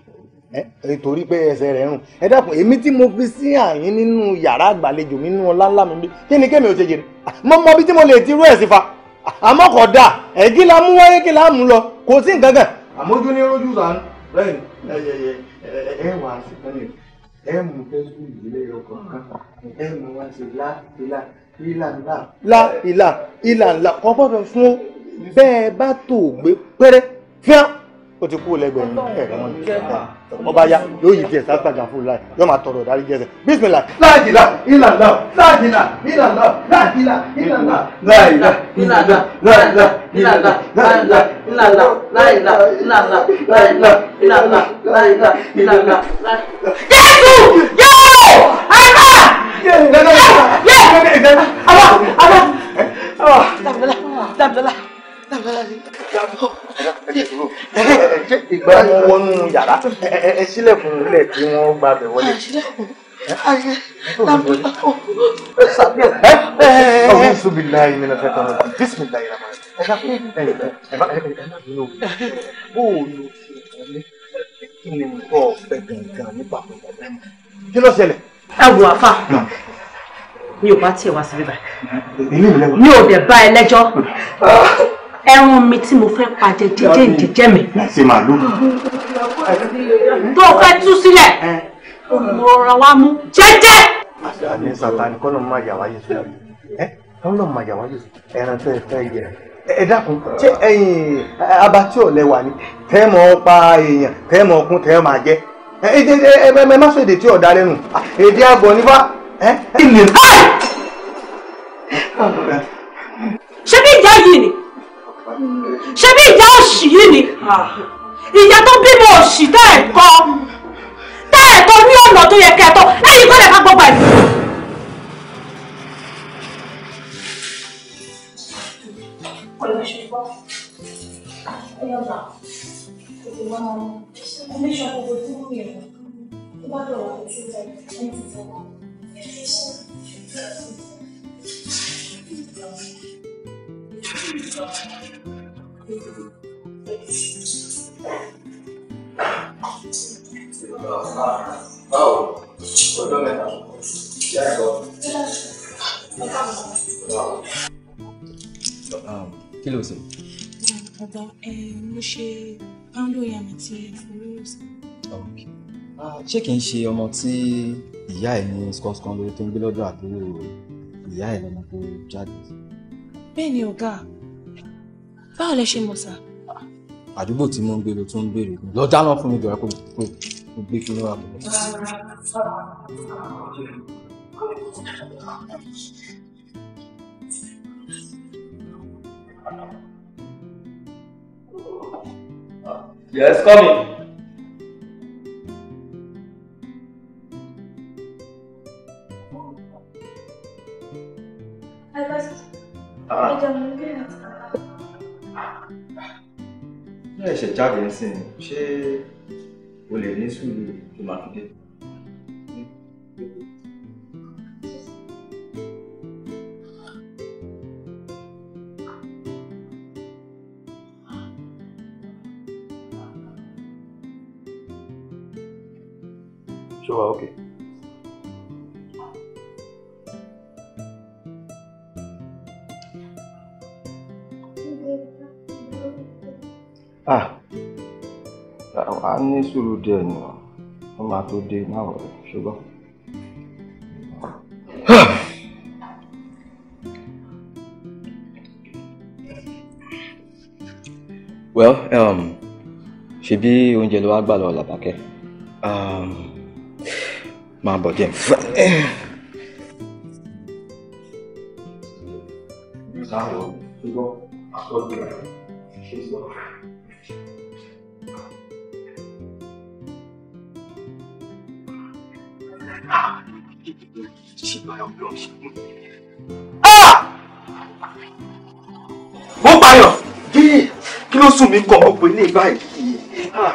torí pé ẹsẹ̀ rẹ̀ ń rùn ẹ dákun èmi tí mo fi sí àyín nínú yàrá àgbàlejò mi nínú ọlá ńlá mi bí kí ni kémi ò ṣe jèrè mọ́ mọ́ bí tí mo lè ti rú ẹ̀ sí fa àmọ́ kò dáa ẹ̀gí la mú wáyé kí la mú lọ kò sí nǹkan kan. àmójú ní rojú sàn rẹ́yìn ẹ̀yẹ̀yẹ̀ ẹ̀ wà á sí kánì ẹ̀ mú fẹ́sùn ìdílé ọkọ̀ kan ẹ̀ mú wá sí lá ilà ilà ńlá. lá ilà ilà ńlá kọ́ gbọ́dọ̀ fún bẹ́ẹ̀ bá tó gbé péré fíán ó ti kú lẹ́gbẹ̀ẹ́ ẹ wọn ọba ya yóò yí díẹ̀ sáà gbàgbà fún láì yóò máa tọrọ dárí jẹsẹ bísímìlà. láàdìlà ìlànà láàdìlà ìlànà láàdìlà ìlànà láàdìlà ìlànà láàdìlà ìlànà láàdìlà ìlànà láàdìlà ìlànà láàdìlà ìlànà láàdìlà ìlànà. jésù yóò àbá yé yé àbá àbá. dàbílà dàbílà ìgbà wọnú yàrá ẹ sílẹ̀ fún ilẹ̀ tí wọ́n gba bẹ̀ wọlé. أعوذ بالله من الشيطان الرجيم بسم الله الرحمن الرحيم kí ni nǹkan ọ̀fẹ́ gangan nípa ọ̀gá mẹ́mọ́ kí ló ṣẹlẹ̀. ẹ wò àfà mi ò bá tiẹ̀ wá síbí báyìí mi ò dẹ̀ bá ẹ lẹ́jọ́ ẹran mi tí mo fẹ́ pa jẹjẹjẹ ìjẹjẹ mi. láti màálù. tó o fẹ́ tú sílẹ̀ mo rọra wá mú jẹ́jẹ́. àní sàtánì kọ́nà máa yà wáyé sùn ẹ kọ́nà máa yà wáyé sùn ẹran tẹ́ ẹ fẹ́ yẹ ẹ dákun ṣé ẹ̀yin abatí ò lẹ́wà ni tẹ́ mọ̀ pa èèyàn tẹ́ mọ̀ ọkùn tẹ́ máa jẹ èdè ẹ má sọ èdè tí ọ̀dà lẹ́nu èdè àgọ̀ nípa. ṣé bí ìjà yìí ni ṣe bí ìyá òṣì yìí ni ah, ìyá tó bímọ òṣì tẹ́ ẹ̀ kọ́ tẹ́ ní ọ̀nà tó yẹ kẹ́ ẹ̀ tọ́ ẹ̀yìn gbọ́gbà ẹ̀. Thank you. 这个哦，我都没打过，下一个。这个不知道。嗯，kí ló ṣe? Bàbá ẹ mo ṣe pando ìyá mi ti fúrúùsì. Ṣé kìí ṣe ọmọ tí ìyá ẹ̀ ní skọ́skọ́ lórí tó ń gbé lọ́dọ̀ àbúrò ìyá ẹ̀ lọ́mọ tó jáde? Bẹ́ẹ̀ ni ọ̀gá báwo lẹ ṣe mọ̀ sá. àdúgbò tí mo ń gbé ló tún ń béèrè lọ dáná fún mi dọ̀rẹ́ kó mo gbé kí n wà mí. Yes, come in. Hi, boss. Uh, 那些家庭生，些屋里人数都蛮多的。嗯，有。谢谢。稍后 a ní sùúrù díẹ̀ ni wọ́n máa tó dé máa wọ̀ ṣùgbọ́n. well um, ṣebí oúnjẹ ló wá gbà lọ làbákẹ́ um, máa bọ̀ díẹ̀. sáà wọ ṣùgbọ́n àtọ́jú rẹ̀. shit by your blood. Ah! Mo payọ̀! Kí kí ló sùn mí kọ ọgbọ ilé báyìí? Ah!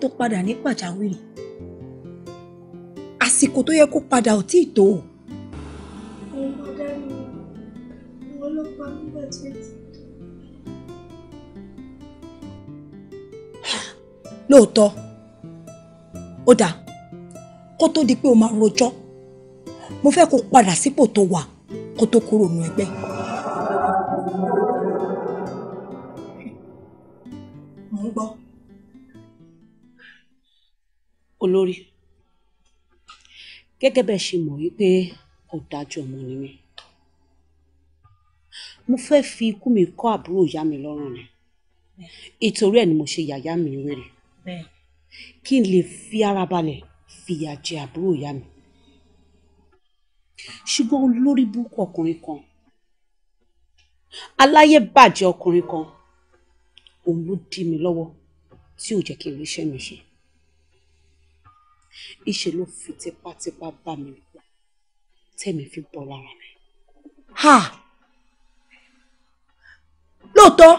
tó padà ní pàjáwìrì àsìkò tó yẹ kó padà ò tí ì tó. lóòótọ́ ó dáa kó tó di pé o máa rojọ́ mo fẹ́ kó padà sípò tó wà kó tó kúrò nù ẹgbẹ́. olórí gẹ́gẹ́ bẹ́ẹ̀ ṣe mọ̀ wípé ọ̀dájú ọmọ ni mí mo fẹ́ fi ikú mi kọ́ àbúrò ìyá mi lọ́rùn ni ìtorí ẹ̀ ni mo ṣe yàyà mi wèrè kí n lè fi ara balẹ̀ fìyà jẹ àbúrò ìyá mi ṣùgbọ́n olórí burúkú ọkùnrin kan aláyé bàjẹ́ ọkùnrin kan òun ló dí mi lọ́wọ́ tí ò jẹ́ kí n ríṣẹ́ mi ṣe ìṣe ló fi tipátipá bá mi wà tẹ̀mí fi bọ́ lára mi. ha lóòótọ́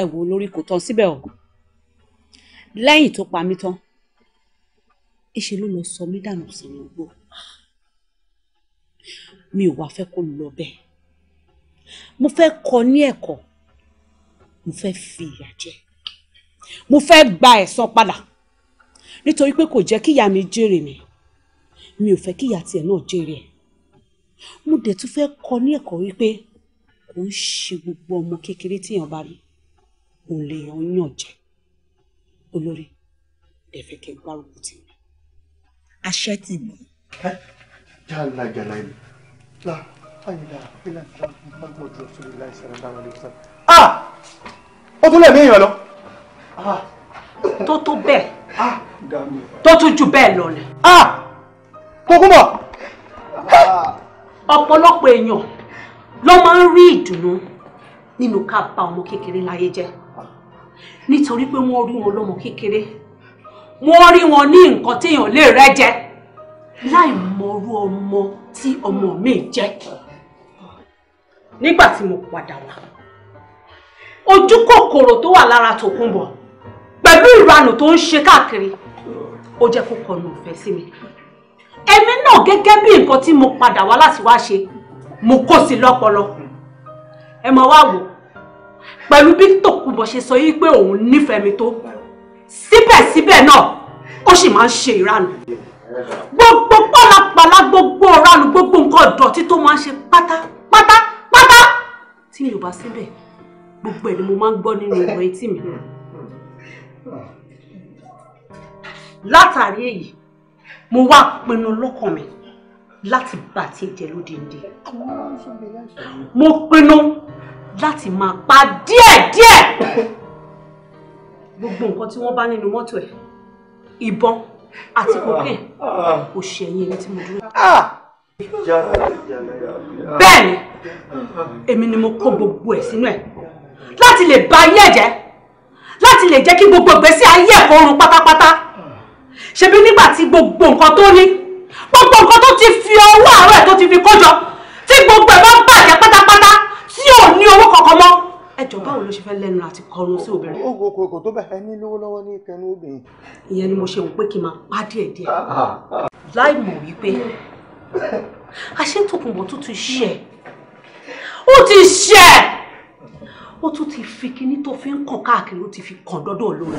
ẹ wo lórí kò tán síbẹ̀ o lẹ́yìn tó pa mí tán ìṣe ló lọ sọ mí dànù sínú igbó mi ò wá fẹ́ kó lọ bẹ́ẹ̀ mo fẹ́ kọ́ ní ẹ̀kọ́ mo fẹ́ fi ìyà jẹ mo fẹ́ gba ẹ̀san padà nítorí pé kò jẹ́ kíyà mi jèrè mi mi ò fẹ́ kíyà tiẹ̀ náà jèrè ẹ̀ mo dẹ̀ tún fẹ́ kọ́ ní ẹ̀kọ́ wípé kò ń ṣe gbogbo ọmọ kékeré tíyàn bá rí òun lè yàn jẹ olórí ẹ fẹ́ kẹ́ gbárùkù tì mí. àṣẹ ti bù. jàǹdà jàǹdà yìí la ayíla ilà ìjà ìgbàgbọ́ ojú ọ̀ṣun ìlà ìṣẹ̀lẹ̀ dára lè sọ. ó tún èèyàn lọ. [coughs] tó tó bẹ́ẹ̀ ah, tó tún jù bẹ́ẹ̀ lọ ni. Ah! kókúmọ̀. Ah. ọ̀pọ̀lọpọ̀ èèyàn ló máa ń rí ìdùnnú nínú ká bà ọmọ kékeré láyé jẹ́ nítorí pé wọ́n rí wọn lọ́mọ kékeré wọ́n rí wọn ní nǹkan téèyàn lè rẹ́ jẹ láì mọrú ọmọ tí ọmọ mi jẹ́ nígbà tí mo padà wá ojú kòkòrò tó wà lára Tòkunbọ̀ pẹ̀lú ìranù tó ń ṣe káàkiri ó jẹ́ kó kọnu ìfẹ́ sí mi èmi náà gẹ́gẹ́ bí nǹkan tí mo padà wá láti wá ṣe mo kó sí lọ́pọlọ ẹ mọ wá wò pẹ̀lú bí tòkùnbọ̀ ṣe sọ yìí pé òun nífẹ̀ẹ́ mi tó síbẹ̀síbẹ̀ náà ó sì máa ń ṣe ìranù gbogbo pálapàla gbogbo ìranù gbogbo nǹkan ìdọ̀tí tó máa ń ṣe pátápátá pátá tí mi ò bá síbẹ̀ gbogbo ẹ̀ ni mo máa ń gbọ́ nínú ìwé etí mi látàrí èyí mo wá pinnu lọ́kàn mi láti bà tí ìjẹ lódìndín mo pinnu láti máa pa díẹ̀díẹ̀ gbogbo nǹkan tí wọ́n bá nínú mọ́tò ẹ̀ ìbọn àti cocaine kò ṣẹ̀yìn ẹni tí mo dúró. bẹ́ẹ̀ni èmi ni mo kó gbogbo ẹ̀ sínú ẹ̀ láti lè ba ayé ẹ̀ jẹ́ láti lè jẹ́ kí gbogbo ìgbésí ayé ẹ̀kọ́ ọ̀run pátápátá ṣebí nígbà tí gbogbo nǹkan tó ní gbogbo nǹkan tó ti fi ọwọ́ àárọ̀ ẹ̀ tó ti fi kójọ tí gbogbo ẹ̀ bá ń bàjẹ́ pátápátá tí ò ní owó kankan mọ́ ẹjọ báwo ló ṣe fẹ́ lẹ́nu àti kọrun sí obìnrin. o kò kò tó bẹ́ẹ̀ ní lówó lọ́wọ́ ní kẹnu obìnrin. ìyẹn ni mo ṣe wò pé kí n máa pa díẹ̀ díẹ̀ láì mọ̀ wípé àṣetòkùnbọ̀ tó ti ṣẹ̀ ó ti ṣẹ̀ ó tún ti fi kinní tó fi ń kàn káàkiri ó ti fi kàn dọ́dọ̀ lórí.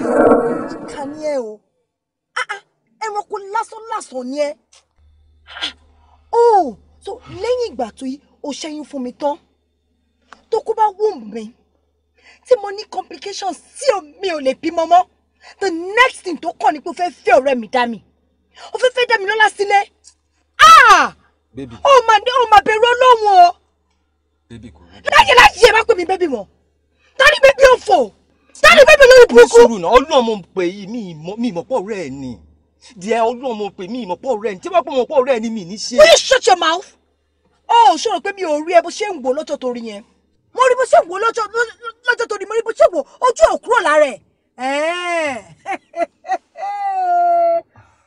ká ní ẹ o ah, ah, ẹranko lásánlàsán ni ẹ ah, o oh, so lẹ́yìn ìgbà tó yí o ṣẹ́yún fún mi tán tó kó bá wù mí tí mo ní complications tí mi ò lè bímọ mọ́ the next thing tó kàn ni pé o fẹ́ fẹ́ ọ̀rẹ́ mi dá mi o fẹ́ fẹ́ dá mi lọ́lá sílẹ̀ ah o mà bẹ̀rù ọlọ́run o láyé láyé ẹ má pè mí bébì mọ́ dárí bébí ọ̀fọ̀ dárí bébí lórí burúkú. sùúrù mo pè yìí mi ìmọ̀pọ̀ rẹ̀ ni díẹ̀ ọlọ́run mo pè mi ìmọ̀pọ̀ rẹ̀ ni tí wọ́n pọ̀ mọ̀pọ̀ rẹ̀ ni mi ní ṣe. will you shut your mouth? ọ ò sọ̀rọ̀ pé mi ò rí ẹ bó ṣe ń wò lọ́jọ́ torí yẹn mo rí bó ṣe wò lọ́jọ́ torí mo rí bó ṣe wò ojú ò kúrò lára ẹ̀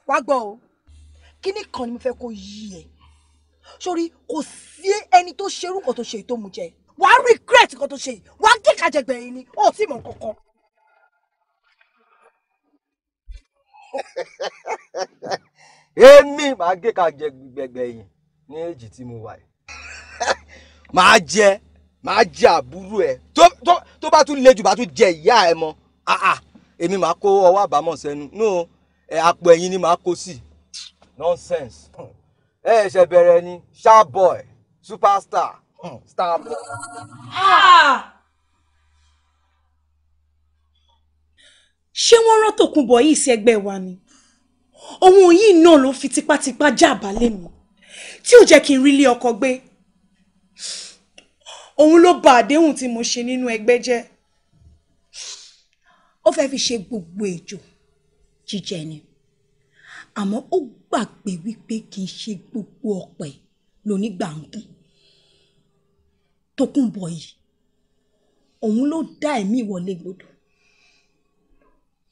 wá gbọ́ o kíní kan ni mo fẹ́ kó yí ẹ sórí kò sí ẹni tó ṣerú nǹkan tó ṣe ètò mu jẹ wàá regret nǹkan tó ṣe yìí wàá gé kàjẹgbẹ̀yìn ni ó sì mọ̀ kankan. èmi màá gé kàjẹgbẹ̀yìn ní èjì tí mo wà yìí màá jẹ màá jẹ àbúrò ẹ tó bá tún le jù bá tún jẹ ìyá ẹ mọ èmi màá kó ọwọ́ àbámọ̀ sẹ́nu no àpò ẹ̀yìn ni màá kó sí nonsense ẹ ṣe bẹ̀rẹ̀ ni sharp boy superstar Stop. Ah! ṣé wọ́n rán tòkunbọ̀ yìí sí ẹgbẹ́ wa ni òun yìí náà ló fi tipátipá já àbálẹ̀ mi tí ò jẹ́ kí n rí ilé ọkọ gbé òun ló ba àdéhùn tí mo ṣe nínú ẹgbẹ́ jẹ́ ó fẹ́ fi ṣe gbogbo èjò jíjẹ ni àmọ́ ó gbàgbé wípé kì í ṣe gbogbo ọ̀pẹ lónígbàǹgùn Tòkunbọ̀ yìí òun ló dá ẹ̀mí ìwọlé gbọdọ̀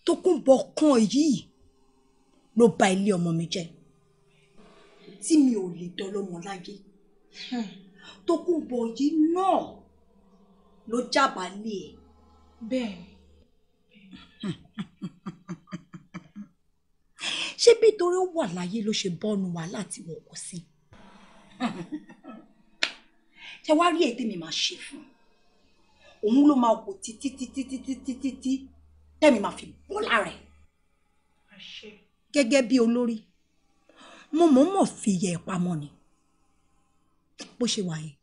Tòkunbọ̀ kan yìí ló bà ilé ọmọ mi jẹ́ tí mi ò lè dọlọ́mọ láyé hmm. Tòkunbọ̀ yìí náà ló jábàálẹ̀ ẹ̀. E. bẹ́ẹ̀ ṣé bí torí ó wà láyé ló ṣe bọ́nu wàhálà tí wọ́n kọ sí. [laughs] tẹ wá rí èyí tèmi máa ṣe fún òun ló máa wò títí títí títí títí tí tèmi máa fi bọ́ lára ẹ̀ gẹ́gẹ́ bí olórí mo mọ̀ mọ̀ fi yẹ ẹ̀ pamọ́ ni bó ṣe wà yẹn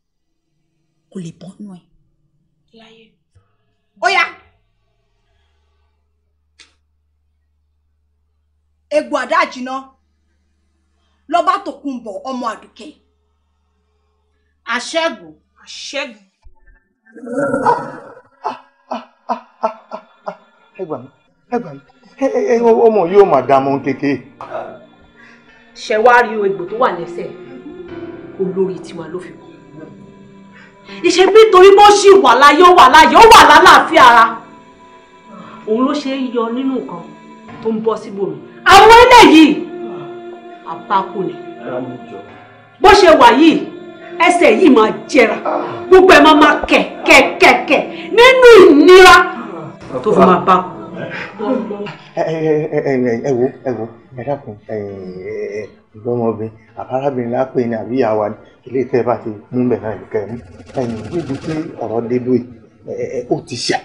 kò lè bọ́nú ẹ̀. láyé. ó yá. egbò àdáàjìná lọ́ba tó kún bọ̀ ọmọ àdùkẹ́ Aṣẹ́gun. Aṣẹ́gun. Ẹ gbà mí, ẹ gbà mí, ọmọ yóò máa dá mọ́ kékeré. Ṣẹ wá rí egbò tó wà lẹ́sẹ̀, olórí tiwa ló fi kú. Ìṣe nítorí bó ṣì wà láyé, ó wà láyé, ó wà lálàáfíà ara. Òun ló ṣe é yọ nínú nǹkan tó ń bọ́ síbòmí. Àwọn eléyìí, àbákù ni. Bó ṣe wà yìí ẹsẹ̀ yìí máa jẹrà gbogbo ẹ̀ máa máa kẹ̀ kẹ̀ kẹ̀ kẹ̀ nínú ìnira tó fi máa bá ẹ wo ẹ wo ẹ dákun gbọmọbìn àbárabìnrin lápè ní àbí àwa ilé tẹ bá ti mú bẹ náà ìkẹ mú ẹ̀yìn níbi pé ọ̀rọ̀ dédú ẹ ó ti ṣà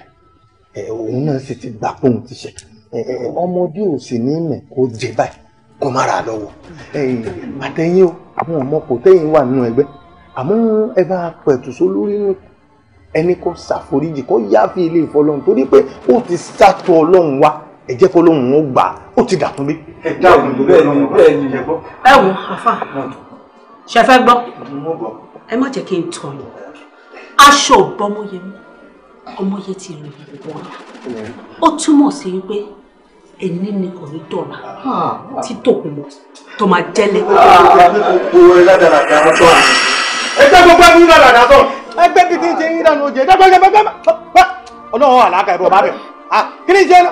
òun náà sì ti gbà pé ti ṣà ọmọdé ò sì ní mẹ kó jẹ báyìí kó má ra lọ́wọ́ àtẹ̀yìn o àwọn ọmọ kò tẹ̀yìn wà nínú ẹgbẹ́ àmọ́ ẹ bá pẹ̀tù só lórí nù ẹni kó ṣàforíjì kó yááfi ilé ìfọlọ́run torí pé ó ti sátọ ọlọ́run wá ẹ̀jẹ̀ fọlọ́run ó gbà ó ti dàtún bí. ẹ dáhùn bẹ́ẹ̀ ni bẹ́ẹ̀ ni ẹ gbọ́. ẹ wo àfa ṣe fẹ́ gbọ́ ẹ má jẹ́ kí n tọ̀ yín aṣọ òbọ ọmọyẹmí ọmọyẹ ti rìn bọ́ọ̀lá ó túmọ̀ sí pé ẹni ni kò ní dọ̀la ah. tí tòkùnmọ́ tó máa jẹ́lẹ̀. Ah ẹgbẹ́ gbogbo ẹbí náà làdá tán. ẹgbẹ́ bíi kí n ṣe ń dànù oje ẹgbẹ́ gbogbo ẹgbẹ́ gbogbo ọlọ́run àlàkà ẹ̀rọ ọba bẹ̀ kí ni ṣe lọ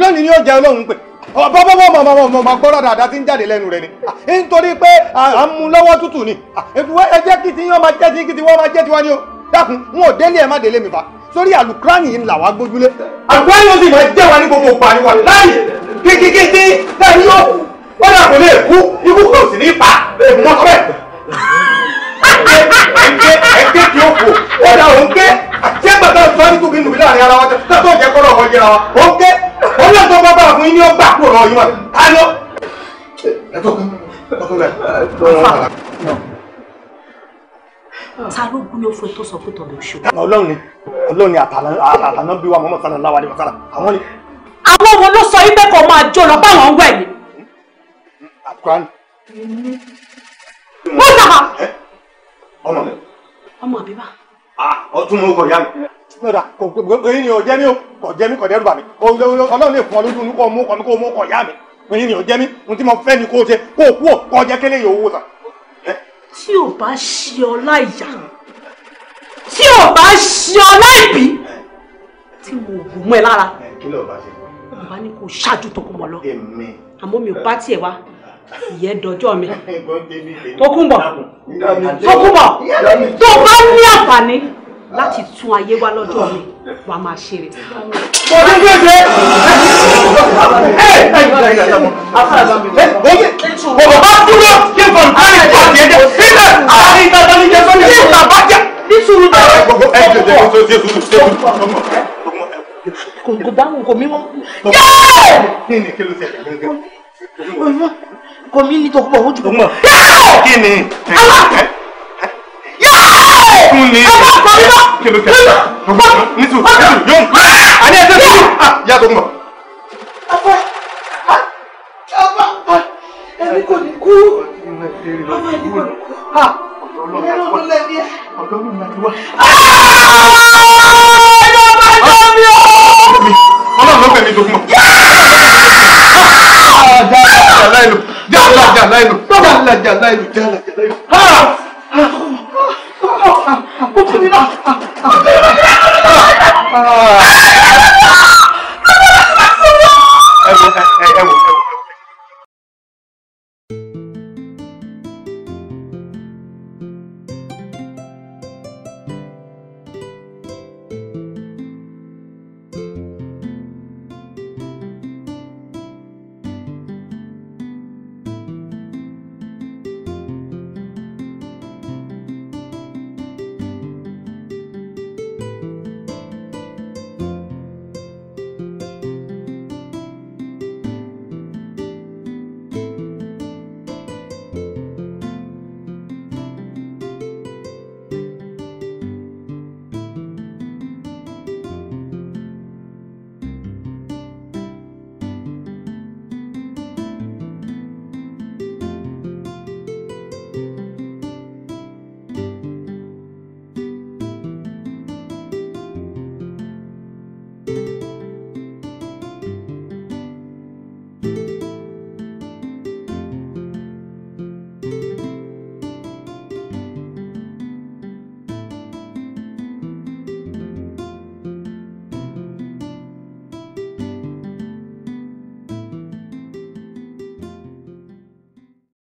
lónìí ni ó jẹ ọlọ́run pè bọ́bọ́bọ́ mọ̀mọ̀mọ̀ mọ̀ gbọ́dọ̀ dáadáa ti ń jáde lẹ́nu rẹ̀ ni nítorí pé à ń mu lọ́wọ́ tútù ni ẹ jẹ́ kí ti yán máa jẹ́ ti kí ti wọ́n máa jẹ́ tiwa ni o dákun wọn ò délé ẹ má délé mi fa sórí àlùkùránì yìí ń là wá gbójúlé. àgbá yóò sì máa jẹ́ wa ní gbogbo òpó àríwá láàyè kíkíkí tí láì yóò kú wọ́n dà kò lè kú ikú kò sì ní pa èèmọ̀ sọ́bẹ̀ ẹ̀ǹkẹ́ ẹ̀ǹkẹ́ tí ó kù ó dà ó ń ké ṣé bàbá sọ ní kùbí nùbí láàrin ara wa tẹ tó jẹ kọ́rọ̀ ọ̀hún jẹra wa ó ń ké ó lọ sọ bàbá fún yín ní ọgbà kúrò lọ yín wa á lọ. ta ló gún lófo tó sọ pé tọ̀dọ̀ ṣe. ọlọ́run ni ọlọ́run ni àtàná bí wa mọ́mọ́ sára láwa ni wọ́n sára àwọn ni. àwọn wo ló sọ yín pé kò máa jó lọ báwọn ń wẹ̀ ni. àkùrá ni. mo ọmọ mi. ọmọ mi bá. a ọtún mú kọ ya mi. lọ́dà kò kò eyín ni o jẹ́ mi o kò jẹ́ mi kò dẹ́rù bà ọlọ́run lè fún ọ lójú kò mú kọ mi kò mú kọ ya mi eyín ni o jẹ́ mi ohun tí mo fẹ́ ni kò ṣe kò kú ò kò jẹ́ kélé yòówó sàn. tí o bá ṣe ọ láìyá tí o bá ṣe ọ láìbí tí mo gùn mọ́ ẹ lára. kí ló bá ṣe. mo bá ní kó ṣáájú tó kó mọ lọ. àmọ́ mi ò bá tiẹ̀ wá ìyẹn dọjọ́ mi Tókunbọ̀ Tókunbọ̀ tó bá ní àǹfààní láti tún ayé wá lọ́jọ́ mi wàá máa ṣe rẹ̀. mo ní kí ẹgbẹ́ ẹ ẹ ẹ bọ̀bọ̀ bá dúró kí nǹkan tó ní kọ́ ní ẹjẹ́ sílẹ̀ àárín dandan ní jẹ́sọ́ ní ìlú àbájá ní sùúrù dára. ẹ jẹ jẹ jẹ jẹ sùúrù ṣe sùúrù kò dáhùn kò mímọ́. yéé. kí ni kí ló ṣe kí ló ṣe kò mí ní tọkọ owó jù. kí ni. kún ni. kí ló fẹ́ nítorí yóò àní ẹsẹ̀ tó ah, yá tó ń bọ̀. ọba ọba ọba ẹni kò ní kú ọba ẹni kò ní kú ìyá ló ń lẹ́bi ẹ. ọ̀dọ́ mi máa ti wá. Ah! Ah, ọlọ́run ló fẹ́ mi tó fún ọ jalailu jala jalailu jala jalailu jala jalailu. Kukunina. Kukunina. Ẹ wo ẹ wo ẹ wo.